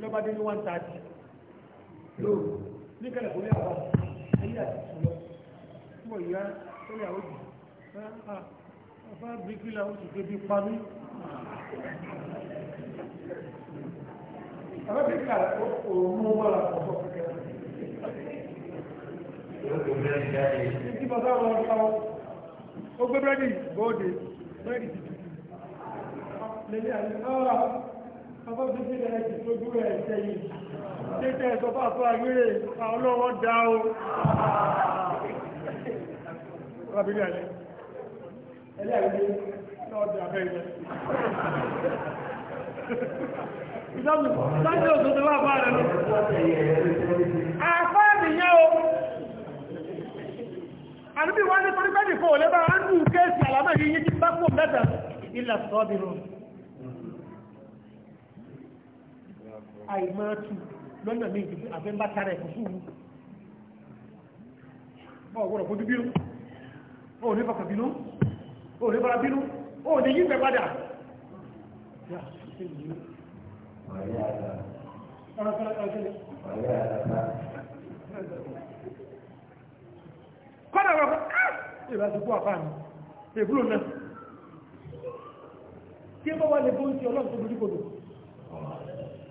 lọ́ba dé ní one thirty lóòrù ní kẹlẹ̀ kò ní àwọn ayé àti ìṣúlọ tí wọ́n yá lórí àwọn jù afá bíríkìlà ó sì débi pamí afá bíríkìlà òun mú wọn là pọ̀ pọ̀ kẹ́kẹ́ tí bàbá wọn lọ ó gbé búrẹ́dì bóde búrẹ́dì tuntun lẹ́yìn àyè náà afọ́fífí ẹ̀rẹ́ ti tójú rẹ̀ ẹ̀ṣẹ́ yìí títẹ́ ìsọpá fún agbére ọlọ́wọ́ dá o rábílì alẹ́ ẹlẹ́gbẹ́ lọ́ọ̀dẹ̀ abẹ́ ilẹ̀ ìsọ́mù sáájú òṣòdó wà fún ààrẹ náà àfáàdìyàn o àdúbí wọ́n ní torípẹ́ nìkan ò lẹ́bàá ń dùn kéèsì àlámà yìí yìí ti bá pò mẹ́ta ilẹ̀ sọ́ọ́bì rọrùn àìmọ́tù lọ́nà méjì fún àbẹ́mbá tara ẹ̀kọ́ sùúrù ọ̀gbọ́dọ̀ fojú bínú ó ní fọkàn bínú ó ní fara bínú ó ní yí fẹ́ padà kọ́nà wọ́n fọ́ ká ìbáṣepọ̀ àfáàmì èbúrò náà tí ó bá wà lè bó ń ti ọlọ́pùpù lójúkodò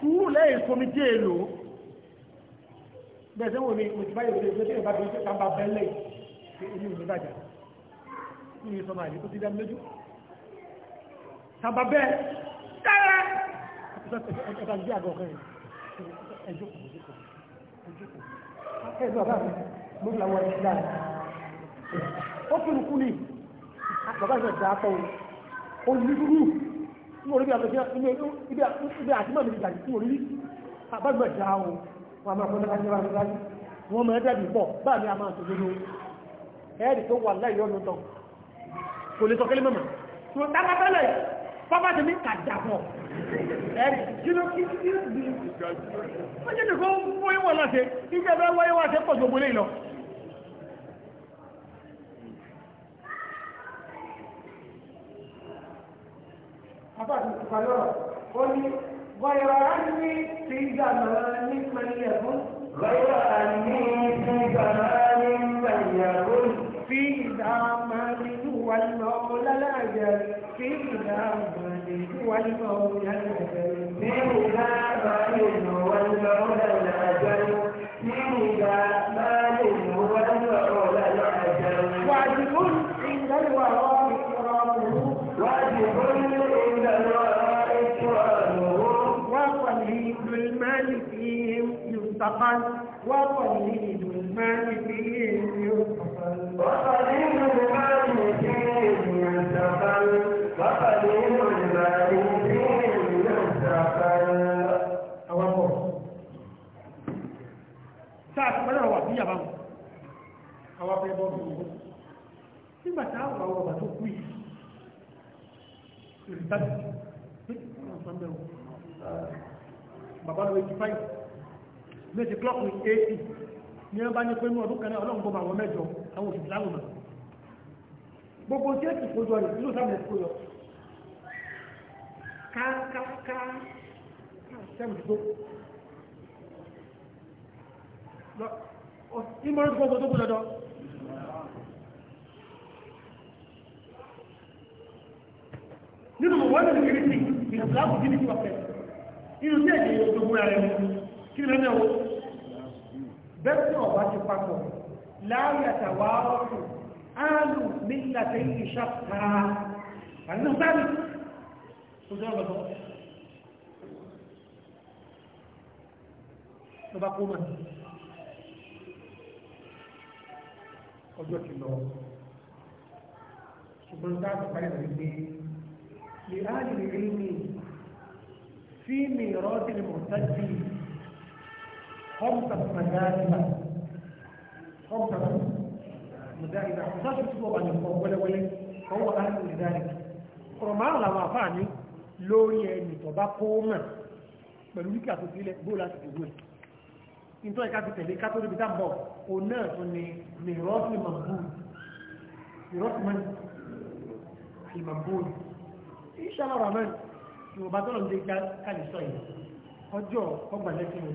sùúrù lẹ́yìn fomi dé èlò bẹ́ẹ̀ sẹ́wọ̀n mi mo ti bá yẹ̀wò lórí ìgbésẹ̀ ìbátan tó kàn bá bẹ́ẹ̀ lẹ́yìn pé èmi ò ní bàjá kí ni sọmọ àyè tó ti dá mi lójú tàbá bẹ́ẹ̀ dára ẹ̀ka ń gbé àgọ́ ọ̀kan yìí ẹjọ́ kò ní kò ẹjọ́ bàbá mi mo ń làwọn ẹ̀ṣin dára ó fi rúkú ni bàbá mi dà á pọ̀ o ò ní rúrú mo rí bí àtúnṣe ibi àtúmọ̀ mi dàbí tí mo rí àbágbà já o wọn máa kọ́ lọ́kàtí ra nígbà wọn máa dàbí pọ̀ bá mi a máa tó gbogbo ẹ̀ẹ́dì tó wà láì yọ́nu tán kò lè sọ kẹ́lẹ́ mọ́mọ́ tó dára tẹ́lẹ̀ pápá tèmi kà dàpọ̀ ẹ̀ẹ́dì kí ló kí kí ló bí wọ́n jẹ́ nìkan wọ́n yẹ́ wọ́n láti ìgbẹ́ bẹ́ àbáàdì ìpàlọ́rọ̀ ó ní gbọ́yọ̀ ánì tí gàmà ní pẹ̀lẹ́gùn. gbọ́yọ̀ ánì tí gàmà ní pẹ̀lẹ́gùn. fi ìdáàmà nínú wa lọ lálàyé fi ìdáàmà nínú wa lọ lálàyé. fi ìdáàmà nínú wa lọ nígbà tá a wà ọ̀rọ̀ tó kú yìí ìrìtàbí bàbá lọ 85 méjì clock with 80 ní ẹ bá ní pé ní ọdún kan náà ọlọ́run gbọmọ àwọn mẹ́jọ àwọn òṣìṣẹ́ láwùmọ̀ gbogbo tí èsì kójọ rẹ̀ nílò sáà mẹ́sì kójọ káàkáà sẹ́mùsùgbó ìmọ̀ràn tó kọ́ nínú mọ̀wọ́ ní kìrìtì ìsìláàmù kìrìtì ọ̀fẹ́ inú tí èdè gbogbo ẹ̀rẹ̀ mú kí ni mẹ́mẹ́ o bẹ́ẹ̀ tí ọba ti papọ̀ láàrín àtàwà ọ̀rùn áàlù ní ìlàtẹ̀ ìṣà tààrà àdínú tó jọ ọ̀gbọ̀n lọ́ba kó mọ̀ ọjọ́ ti lọ ṣùgbọ́n táàbù parí rẹ̀ لأهل العلم في ميراث المرتد خمسة مذاهب خمسة مذاهب خمسة أسبوع عن الأول هو أهل لذلك ọ̀rọ̀mọ́ àwọn àwọn àfáà ní lórí ẹni tọ̀bá kó mọ̀ pẹ̀lú wíkà tó sílẹ̀ bóò láti dìgbò ẹ̀ ìntọ́ ẹ̀ká ti tẹ̀lé ká tó rí bíta bọ̀ o náà tún ni mìírọ́sì mọ̀bùn inshallah rahman ìwọ̀nba tọ́lọ̀ ń dé káàdì sọ yìí ọjọ́ ọgbàjẹ́ kí ni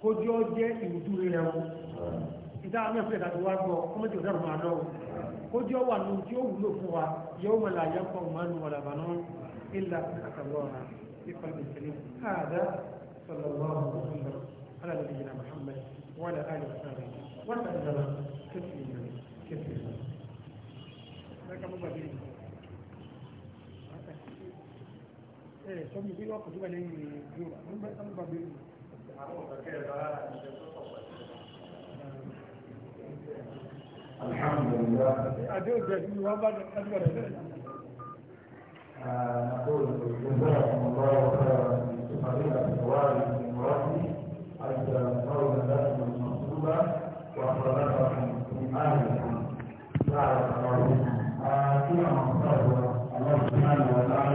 kójú ọjẹ́ ìwùdú rẹ̀ wọn ìdá amẹ́fẹ́ ìdájọ́ wa gbọ́ ọmọdé ọ̀dọ́ ọ̀rọ̀ àná wọn kójú ọwà ní ojú òwúlò fún wa yóò wọn là yẹn kọ́ mánu wà làbà náà ilà àtàwọn ọ̀rọ̀ ìfọ̀ ìbìsẹ̀lẹ̀ káàdá sọ̀rọ̀ wọn على نبينا محمد sọ́mù bí wọ́n kò túbọ̀ lẹ́yìn ìjọ wọ́n bá sọ́mù bá bẹ́ẹ̀ Alhamdulillah. Adé òjò ìlú wọn bá dé ẹgbẹ́ rẹ̀ bẹ́ẹ̀. نقول جزاكم الله خيرا من فضيلة الوالد من ربي أنت قولا لكم المنصوبة وخلقكم من أهلكم. بارك الله فيكم. فيما الله سبحانه وتعالى